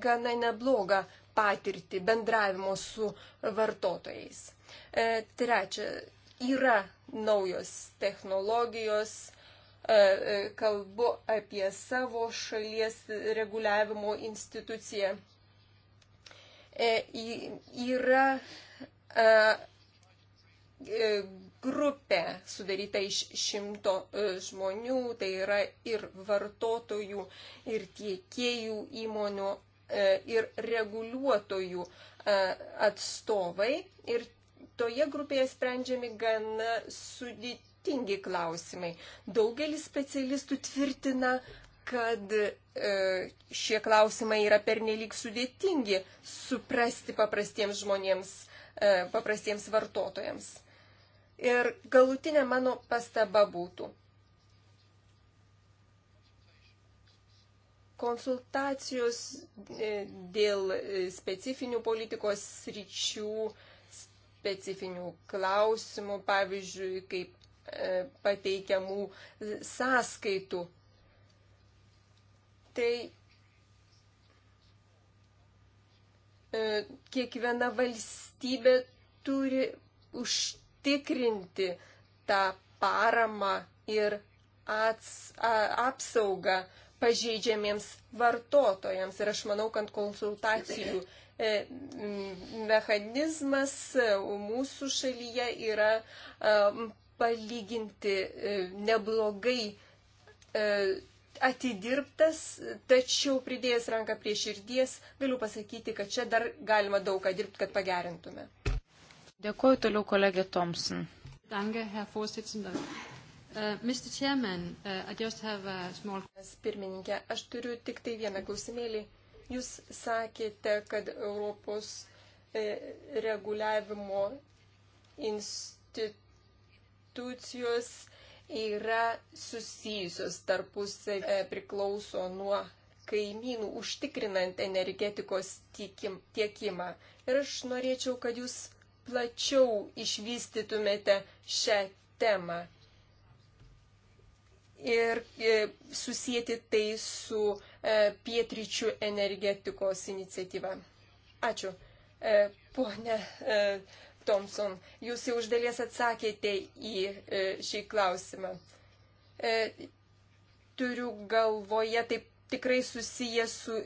gana neblogą patirtį bendravimo su vartotojais. E, trečia, yra naujos technologijos, e, e, kalbu apie savo šalies reguliavimo instituciją. Yra grupę sudarytą iš šimto e, žmonių, tai yra ir vartotojų, ir tiekėjų įmonių, e, ir reguliuotojų e, atstovai. Ir toje grupėje sprendžiami gana sudėtingi klausimai. Daugelis specialistų tvirtina, kad šie klausimai yra pernelyg sudėtingi suprasti paprastiems žmonėms, paprastiems vartotojams. Ir galutinė mano pastaba būtų. Konsultacijos e, dėl e, specifinių politikos sričių, specifinių klausimų, pavyzdžiui, kaip e, pateikiamų sąskaitų. Tai kiekviena valstybė turi užtikrinti užtikrinti tą paramą ir ats, a, apsaugą pažeidžiamiems vartotojams. Ir aš manau, kad konsultacijų e, mechanizmas e, mūsų šalyje yra e, palyginti neblogai atidirbtas, tačiau pridėjęs ranką prie širdies galiu pasakyti, kad čia dar galima daug ką dirbti, kad pagerintume. Dėkuoju toliau kolegė Thompson. Danke, Herr Vorsitzender. Uh, äh, Mr. Chairman, uh, I just have a small... Pirmininkė, aš turiu tik tai vieną klausimėlį. Jūs sakėte, kad Europos e, reguliavimo institucijos yra susijusios tarpusai e, priklauso nuo kaimynų užtikrinant energetikos tiekimą. Ir aš norėčiau, kad jūs plačiau išvystytumėte šią temą ir e, susijęti tai su e, pietryčių energetikos iniciatyva. Ačiū. E, pone Thompson, jūs jau uždalies atsakėte į šį klausimą. Turiu galvoje, taip tikrai susijęs su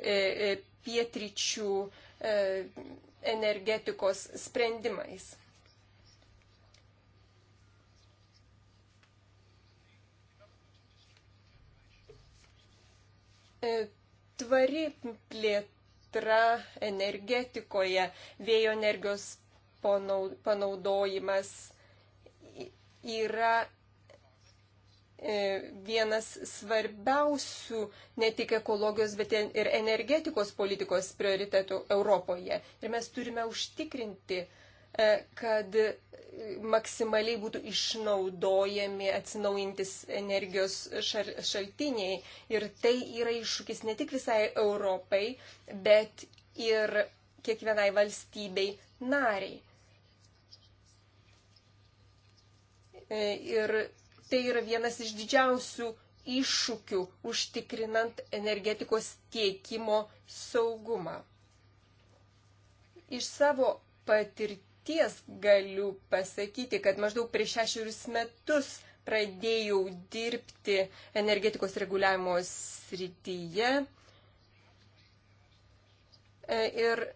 pietryčių energetikos sprendimais. E, tvari plėtra energetikoje, vėjo energijos panaudojimas yra E, vienas svarbiausių ne tik ekologijos, bet ir energetikos politikos prioritetų Europoje. Ir mes turime užtikrinti, e, kad e, maksimaliai būtų išnaudojami atsinaujintis energijos šaltiniai. Ir tai yra iššūkis ne tik visai Europai, bet ir kiekvienai valstybei nariai. Ir Tai yra vienas iš didžiausių iššūkių užtikrinant energetikos tiekimo saugumą. Iš savo patirties galiu pasakyti, kad maždaug prieš šešerius metus pradėjau dirbti energetikos reguliavimo srityje. E, ir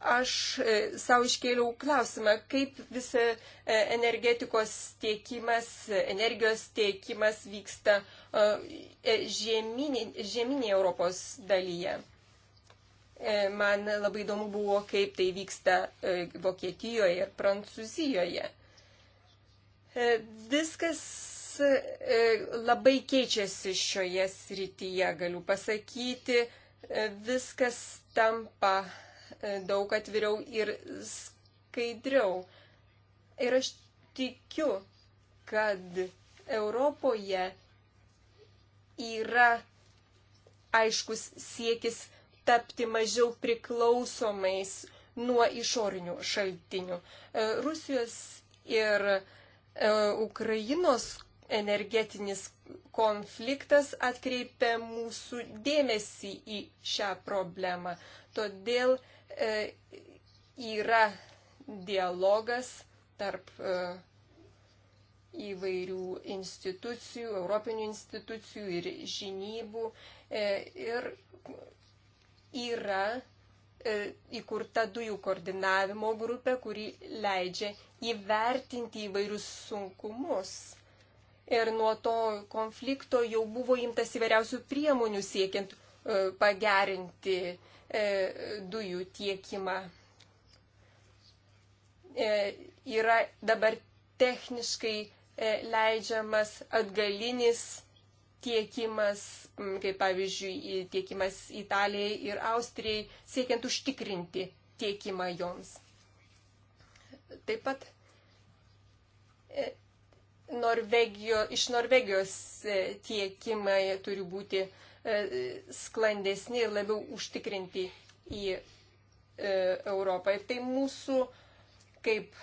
aš e, savo iškėliau klausimą, kaip visa e, energetikos tiekimas, energijos tiekimas vyksta žeminė, e, žeminėje Europos dalyje. Man labai įdomu buvo, kaip tai vyksta Vokietijoje ir Prancūzijoje. Viskas labai keičiasi šioje srityje, galiu pasakyti, viskas tampa E, daug atviriau ir skaidriau. Ir aš tikiu, kad Europoje yra aiškus siekis tapti mažiau priklausomais nuo išorinių šaltinių. E, Rusijos ir e, Ukrainos energetinis konfliktas atkreipia mūsų dėmesį į šią problemą. Todėl E, yra dialogas tarp e, įvairių institucijų, europinių institucijų ir žinybų. E, ir yra įkurta dujų koordinavimo grupė, kuri leidžia įvertinti įvairius sunkumus. Ir nuo to konflikto jau buvo imtas įvairiausių priemonių siekiant pagerinti uh, E, dujų tiekimą. E, yra dabar techniškai e, leidžiamas atgalinis tiekimas, kaip pavyzdžiui, tiekimas Italijai ir Austrijai, siekiant užtikrinti tiekimą joms. Taip pat Norvegijo, iš Norvegijos tiekimai turi būti E, sklandesni ir labiau užtikrinti į e, Europą. Ir tai mūsų kaip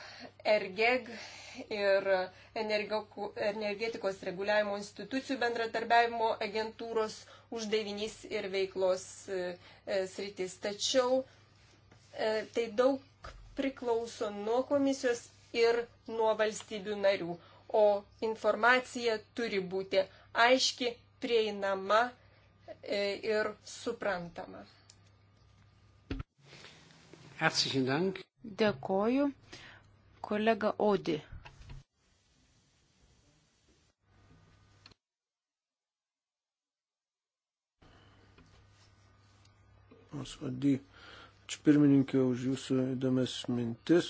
ERGEG ir energetikos reguliavimo institucijų bendratarbiavimo agentūros uždavinys ir veiklos e, sritis. Tačiau tai daug priklauso nuo komisijos ir nuo valstybių narių, o informacija turi būti aiški, prieinama E, ir suprantama. Dėkoju. Kolega Odi. Odi. Ačiū pirmininkė už jūsų įdomias mintis.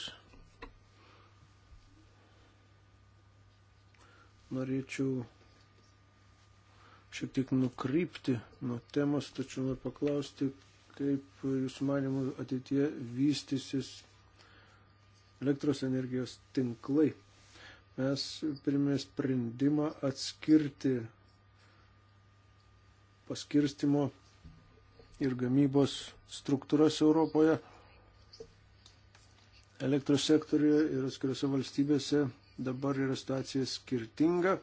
Norėčiau šiek tiek nukrypti nuo temos, tačiau noriu paklausti, kaip jūsų manimų ateitie vystysis elektros energijos tinklai. Mes primė sprendimą atskirti paskirstimo ir gamybos struktūras Europoje, elektros sektoriuje ir atskiriuose valstybėse dabar yra situacija skirtinga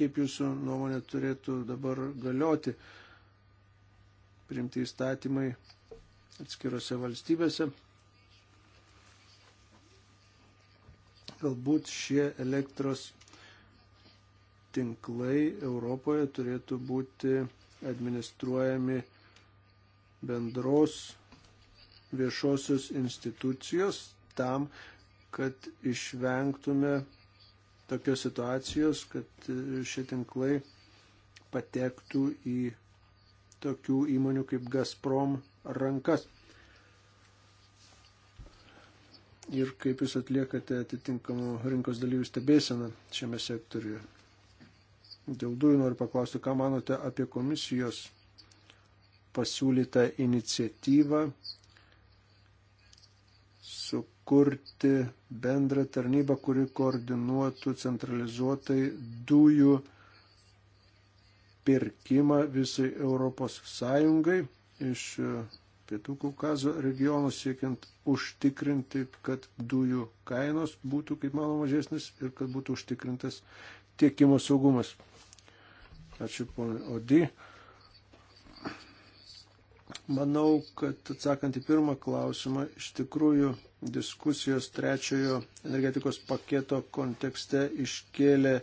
kaip jūsų nuomonė turėtų dabar galioti priimti įstatymai atskirose valstybėse. Galbūt šie elektros tinklai Europoje turėtų būti administruojami bendros viešosios institucijos tam, kad išvengtume tokios situacijos, kad e, šie tinklai patektų į tokių įmonių kaip Gazprom rankas. Ir kaip jūs atliekate atitinkamų rinkos dalyvių stebėseną šiame sektoriuje. Dėl dujų noriu paklausti, ką manote apie komisijos pasiūlytą iniciatyvą su kurti bendrą tarnybą, kuri koordinuotų centralizuotai dujų pirkimą visai Europos Sąjungai iš Pietų Kaukazo regionų siekiant užtikrinti, kad dujų kainos būtų kaip mano mažesnis ir kad būtų užtikrintas tiekimo saugumas. Ačiū ponui Odi. Manau, kad atsakant į pirmą klausimą, iš tikrųjų diskusijos trečiojo energetikos paketo kontekste iškėlė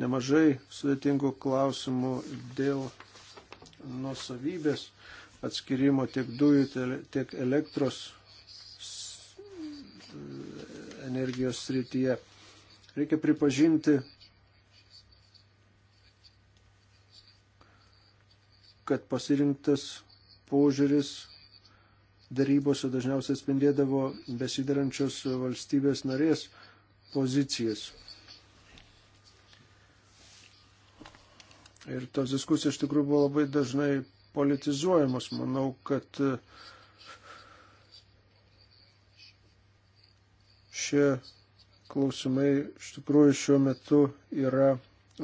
nemažai sudėtingų klausimų dėl nusavybės atskirimo tiek dujų, tiek elektros energijos srityje. Reikia pripažinti, kad pasirinktas požiūris darybose dažniausiai spindėdavo besidarančios valstybės narės pozicijas. Ir tos diskusijos iš tikrųjų buvo labai dažnai politizuojamos. Manau, kad e, šie klausimai iš tikrųjų šiuo metu yra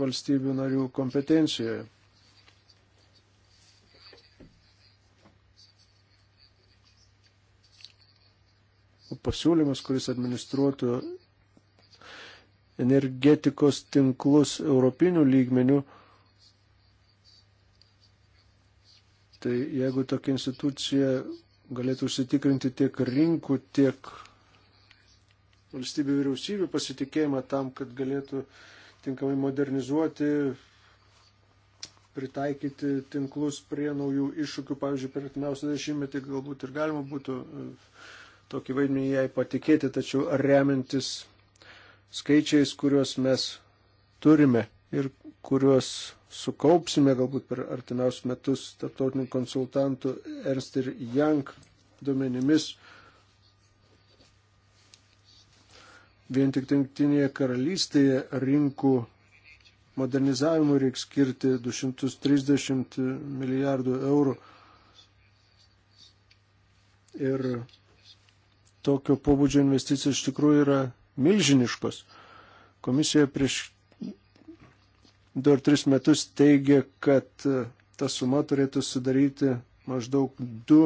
valstybių narių kompetencijoje. pasiūlymas, kuris administruotų energetikos tinklus europinių lygmenių. Tai jeigu tokia institucija galėtų užsitikrinti tiek rinkų, tiek valstybių vyriausybių pasitikėjimą tam, kad galėtų tinkamai modernizuoti, pritaikyti tinklus prie naujų iššūkių, pavyzdžiui, per atmiausią dešimtmetį galbūt ir galima būtų tokį vaidmenį jai patikėti, tačiau ar remintis skaičiais, kuriuos mes turime ir kuriuos sukaupsime galbūt per artimiausius metus tarptautinių konsultantų Ernst ir Jank duomenimis. Vien tik tinktinėje karalystėje rinkų modernizavimui reikia skirti 230 milijardų eurų. Ir tokio pobūdžio investicijos iš tikrųjų yra milžiniškos. Komisija prieš 2-3 metus teigia, kad e, ta suma turėtų sudaryti maždaug 2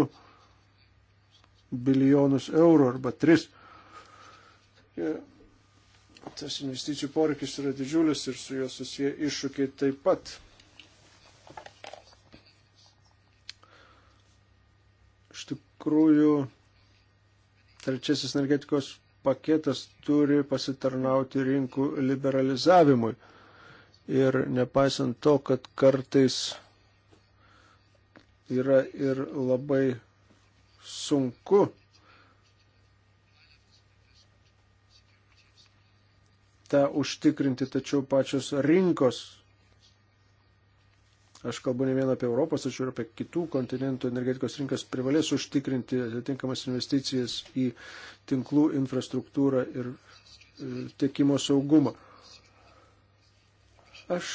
bilijonus eurų arba 3. E, tas investicijų poreikis yra didžiulis ir su juo susiję iššūkiai taip pat. Iš tikrųjų, trečiasis energetikos paketas turi pasitarnauti rinkų liberalizavimui. Ir nepaisant to, kad kartais yra ir labai sunku tą užtikrinti, tačiau pačios rinkos Aš kalbu ne vien apie Europos, tačiau ir apie kitų kontinentų energetikos rinkas privalės užtikrinti atitinkamas investicijas į tinklų infrastruktūrą ir tiekimo saugumą. Aš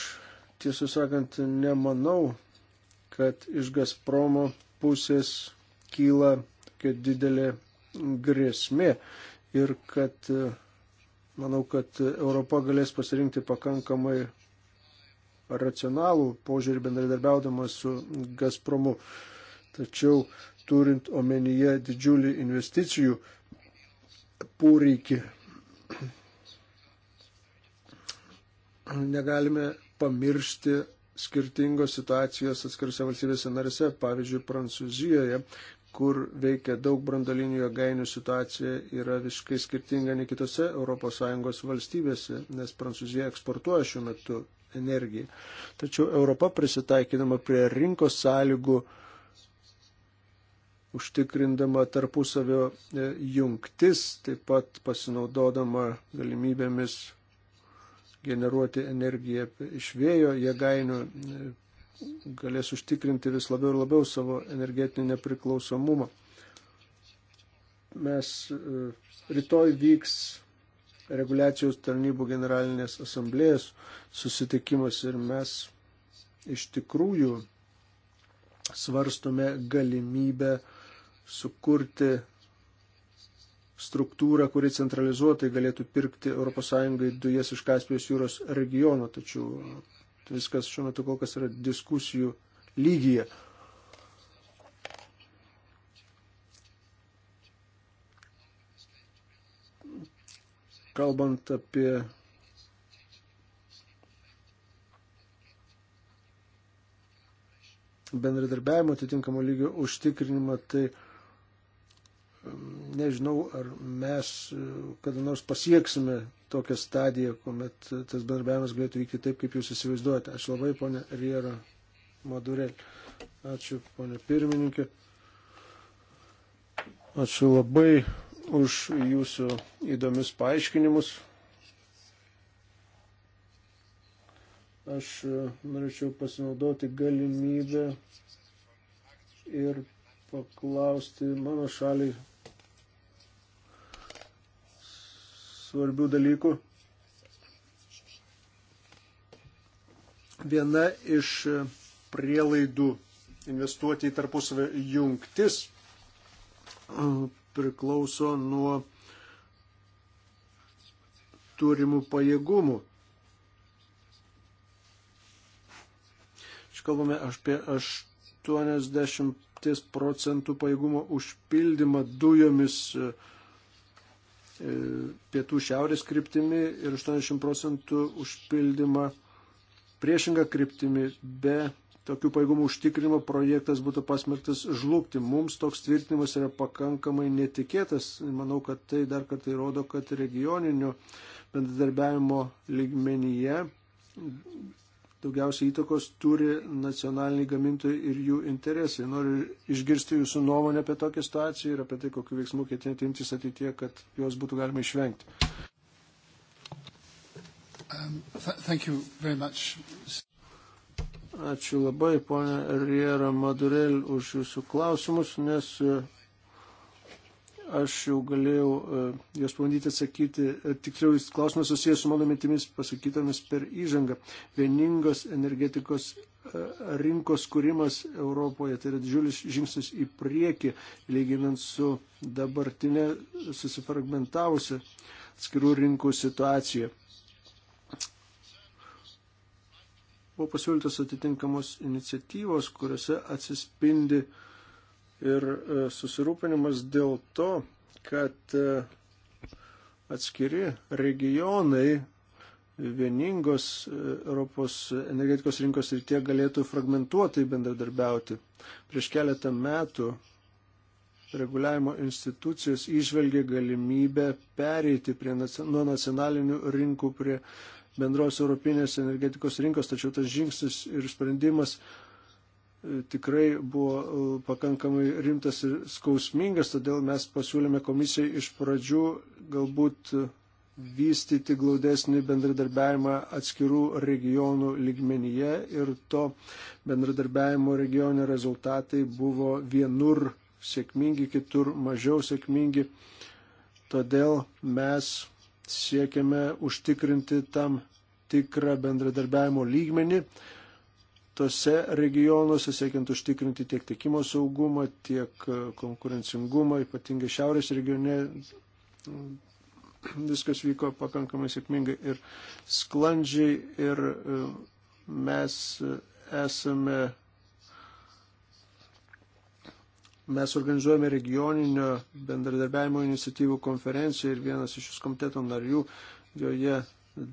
tiesą sakant nemanau, kad iš Gazpromo pusės kyla tokia didelė grėsmė ir kad e, manau, kad Europa galės pasirinkti pakankamai racionalų požiūrį bendradarbiaudamas su Gazpromu. Tačiau turint omenyje didžiulį investicijų poreikį, negalime pamiršti skirtingos situacijos atskirose valstybėse narėse, pavyzdžiui, Prancūzijoje, kur veikia daug brandolinių jėgainių situacija yra visiškai skirtinga nei kitose ES valstybėse, nes Prancūzija eksportuoja šiuo metu energijai. Tačiau Europa prisitaikydama prie rinkos sąlygų, užtikrindama tarpusavio e, jungtis, taip pat pasinaudodama galimybėmis generuoti energiją iš vėjo jėgainių, e, galės užtikrinti vis labiau ir labiau savo energetinį nepriklausomumą. Mes e, rytoj vyks reguliacijos tarnybų generalinės asamblėjos susitikimas ir mes iš tikrųjų svarstome galimybę sukurti struktūrą, kuri centralizuotai galėtų pirkti ES dujas iš Kaspijos jūros regiono, tačiau viskas šiuo metu kol kas yra diskusijų lygyje. kalbant apie bendradarbiavimo atitinkamo lygio užtikrinimą, tai um, nežinau, ar mes uh, kada nors pasieksime tokią stadiją, kuomet tas bendradarbiavimas galėtų vykti taip, kaip jūs įsivaizduojate. Aš labai, ponė Riera Madurel. Ačiū, ponė pirmininkė. Ačiū labai už jūsų įdomius paaiškinimus. Aš e, norėčiau pasinaudoti galimybę ir paklausti mano šaliai svarbių dalykų. Viena iš e, prielaidų investuoti į tarpusavę jungtis priklauso nuo turimų pajėgumų. Čia kalbame apie 80 procentų pajėgumo užpildymą dujomis e, e, pietų šiaurės kryptimi ir 80 procentų užpildymą priešingą kryptimi be tokių paėgumų užtikrinimo projektas būtų pasmerktas žlugti. Mums toks tvirtinimas yra pakankamai netikėtas. Manau, kad tai dar kartą įrodo, kad regioninio bendradarbiavimo lygmenyje daugiausiai įtakos turi nacionaliniai gamintojai ir jų interesai. Noriu išgirsti jūsų nuomonę apie tokią situaciją ir apie tai, kokiu veiksmu ketinate imtis ateitie, kad juos būtų galima išvengti. Um, th thank you very much. Ačiū labai, ponė Riera Madurel, už jūsų klausimus, nes e, aš jau galėjau e, juos bandyti atsakyti, e, tiksliau jis klausimas susijęs su mano mintimis pasakytomis per įžangą. Vieningos energetikos rinkos kūrimas Europoje, tai yra didžiulis žingsnis į priekį, lyginant su dabartinė susifragmentavusi atskirų rinkų situacija. Buvo pasiūlytos atitinkamos iniciatyvos, kuriuose atsispindi ir e, susirūpinimas dėl to, kad e, atskiri regionai vieningos e, Europos energetikos rinkos ir tie galėtų fragmentuotai bendradarbiauti. Prieš keletą metų reguliavimo institucijos išvelgė galimybę pereiti prie, nuo nacionalinių rinkų prie bendros europinės energetikos rinkos, tačiau tas žingsnis ir sprendimas e, tikrai buvo e, pakankamai rimtas ir skausmingas, todėl mes pasiūlėme komisijai iš pradžių galbūt e, vystyti glaudesnį bendradarbiavimą atskirų regionų lygmenyje ir to bendradarbiavimo regionio rezultatai buvo vienur sėkmingi, kitur mažiau sėkmingi. Todėl mes siekiame užtikrinti tam tikrą bendradarbiavimo lygmenį tose regionuose, siekiant užtikrinti tiek tiekimo saugumą, tiek e, konkurencingumą, ypatingai šiaurės regione. Mm, viskas vyko pakankamai sėkmingai ir sklandžiai ir e, mes e, esame Mes organizuojame regioninio bendradarbiavimo iniciatyvų konferenciją ir vienas iš jūs komiteto narių joje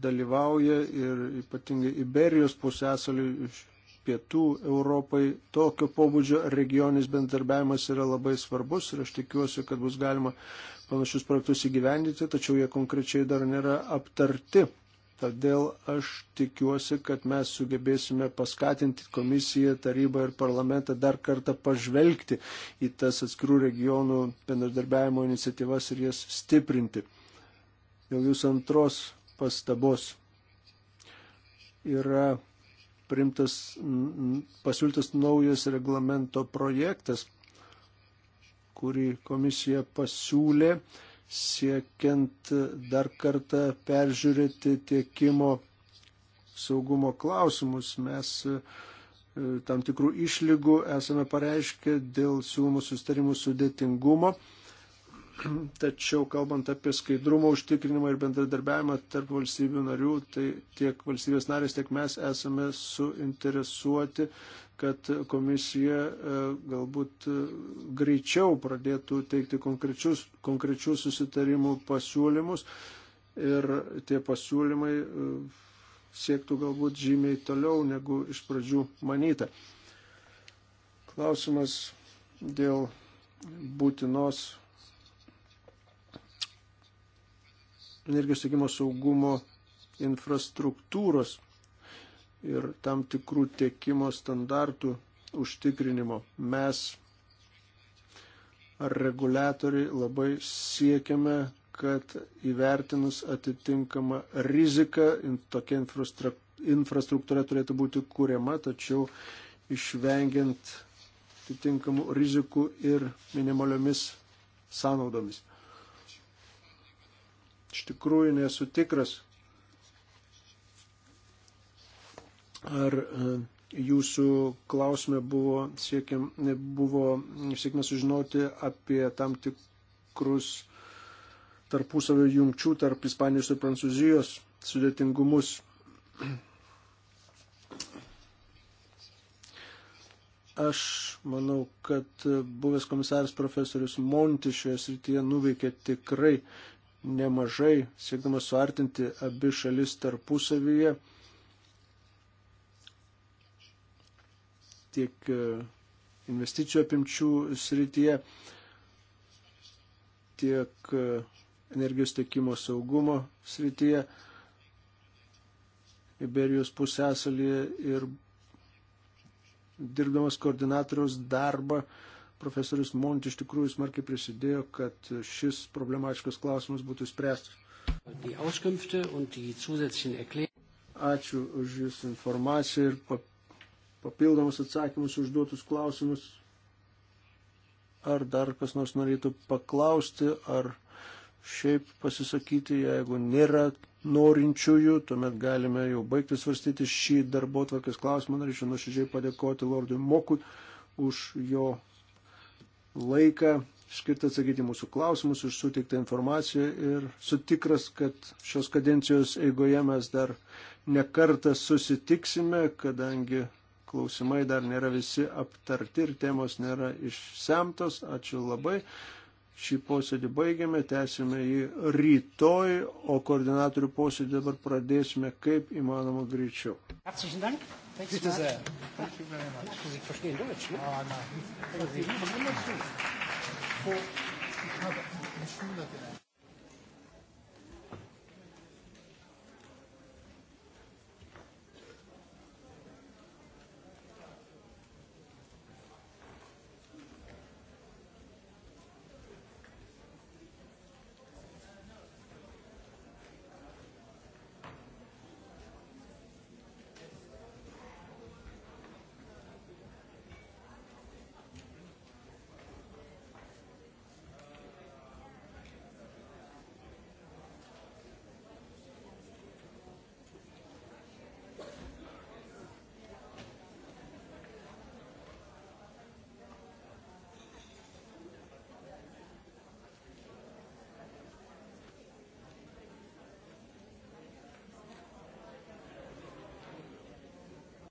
dalyvauja ir ypatingai Iberijos pusėsaliui iš pietų Europai tokio pobūdžio regionis bendarbiavimas yra labai svarbus ir aš tikiuosi, kad bus galima panašius projektus įgyvendyti, tačiau jie konkrečiai dar nėra aptarti. Todėl aš tikiuosi, kad mes sugebėsime paskatinti komisiją, tarybą ir parlamentą dar kartą pažvelgti į tas atskirų regionų bendradarbiavimo iniciatyvas ir jas stiprinti. Dėl jūsų antros pastabos yra primtas pasiūltas naujas reglamento projektas, kurį komisija pasiūlė siekiant dar kartą peržiūrėti tiekimo saugumo klausimus. Mes e, tam tikrų išlygų esame pareiškę dėl siūlomų sustarimų sudėtingumo. (clears throat) Tačiau kalbant apie skaidrumo užtikrinimą ir bendradarbiavimą tarp valstybių narių, tai tiek valstybės narės, tiek mes esame suinteresuoti kad komisija e, galbūt e, greičiau pradėtų teikti konkrečius, konkrečius susitarimų pasiūlymus ir tie pasiūlymai e, siektų galbūt žymiai toliau negu iš pradžių manyta. Klausimas dėl būtinos energijos tiekimo saugumo infrastruktūros ir tam tikrų tiekimo standartų užtikrinimo. Mes ar reguliatoriai labai siekiame, kad įvertinus atitinkamą riziką, tokia infrastruktūra turėtų būti kuriama, tačiau išvengiant atitinkamų rizikų ir minimaliomis sąnaudomis. Iš tikrųjų nesu tikras, Ar e, jūsų klausime buvo, siekiam, buvo siekime sužinoti apie tam tikrus tarpusavio jungčių tarp Ispanijos ir Prancūzijos sudėtingumus. Aš manau, kad buvęs komisaras profesorius Monti šioje srityje nuveikė tikrai nemažai, siekdamas suartinti abi šalis tarpusavyje tiek e, investicijų apimčių srityje, tiek e, energijos tiekimo saugumo srityje, Iberijos pusėsalyje ir dirbdamas koordinatoriaus darbą, profesorius Mont iš tikrųjų smarkiai prisidėjo, kad šis problematiškas klausimas būtų spręstas. Ačiū už Jūsų informaciją ir papildomą papildomus atsakymus užduotus klausimus. Ar dar kas nors norėtų paklausti, ar šiaip pasisakyti, jeigu nėra norinčiųjų, tuomet galime jau baigti svarstyti šį darbo tvarkės klausimą. Norėčiau nuoširdžiai padėkoti Lordui Mokui už jo laiką skirtą atsakyti mūsų klausimus, už suteiktą informaciją ir sutikras, kad šios kadencijos eigoje mes dar nekartą susitiksime, kadangi klausimai dar nėra visi aptarti ir temos nėra išsemtos. Ačiū labai. Šį posėdį baigiame, tęsime jį rytoj, o koordinatorių posėdį dabar pradėsime kaip įmanoma greičiau. Herzlichen Dank. Bitte sehr. Thank you very much. Ja, Sie verstehen Deutsch, ne? Oh, nein. Aber Sie hören immer zu. Ich habe eine Schule gelernt.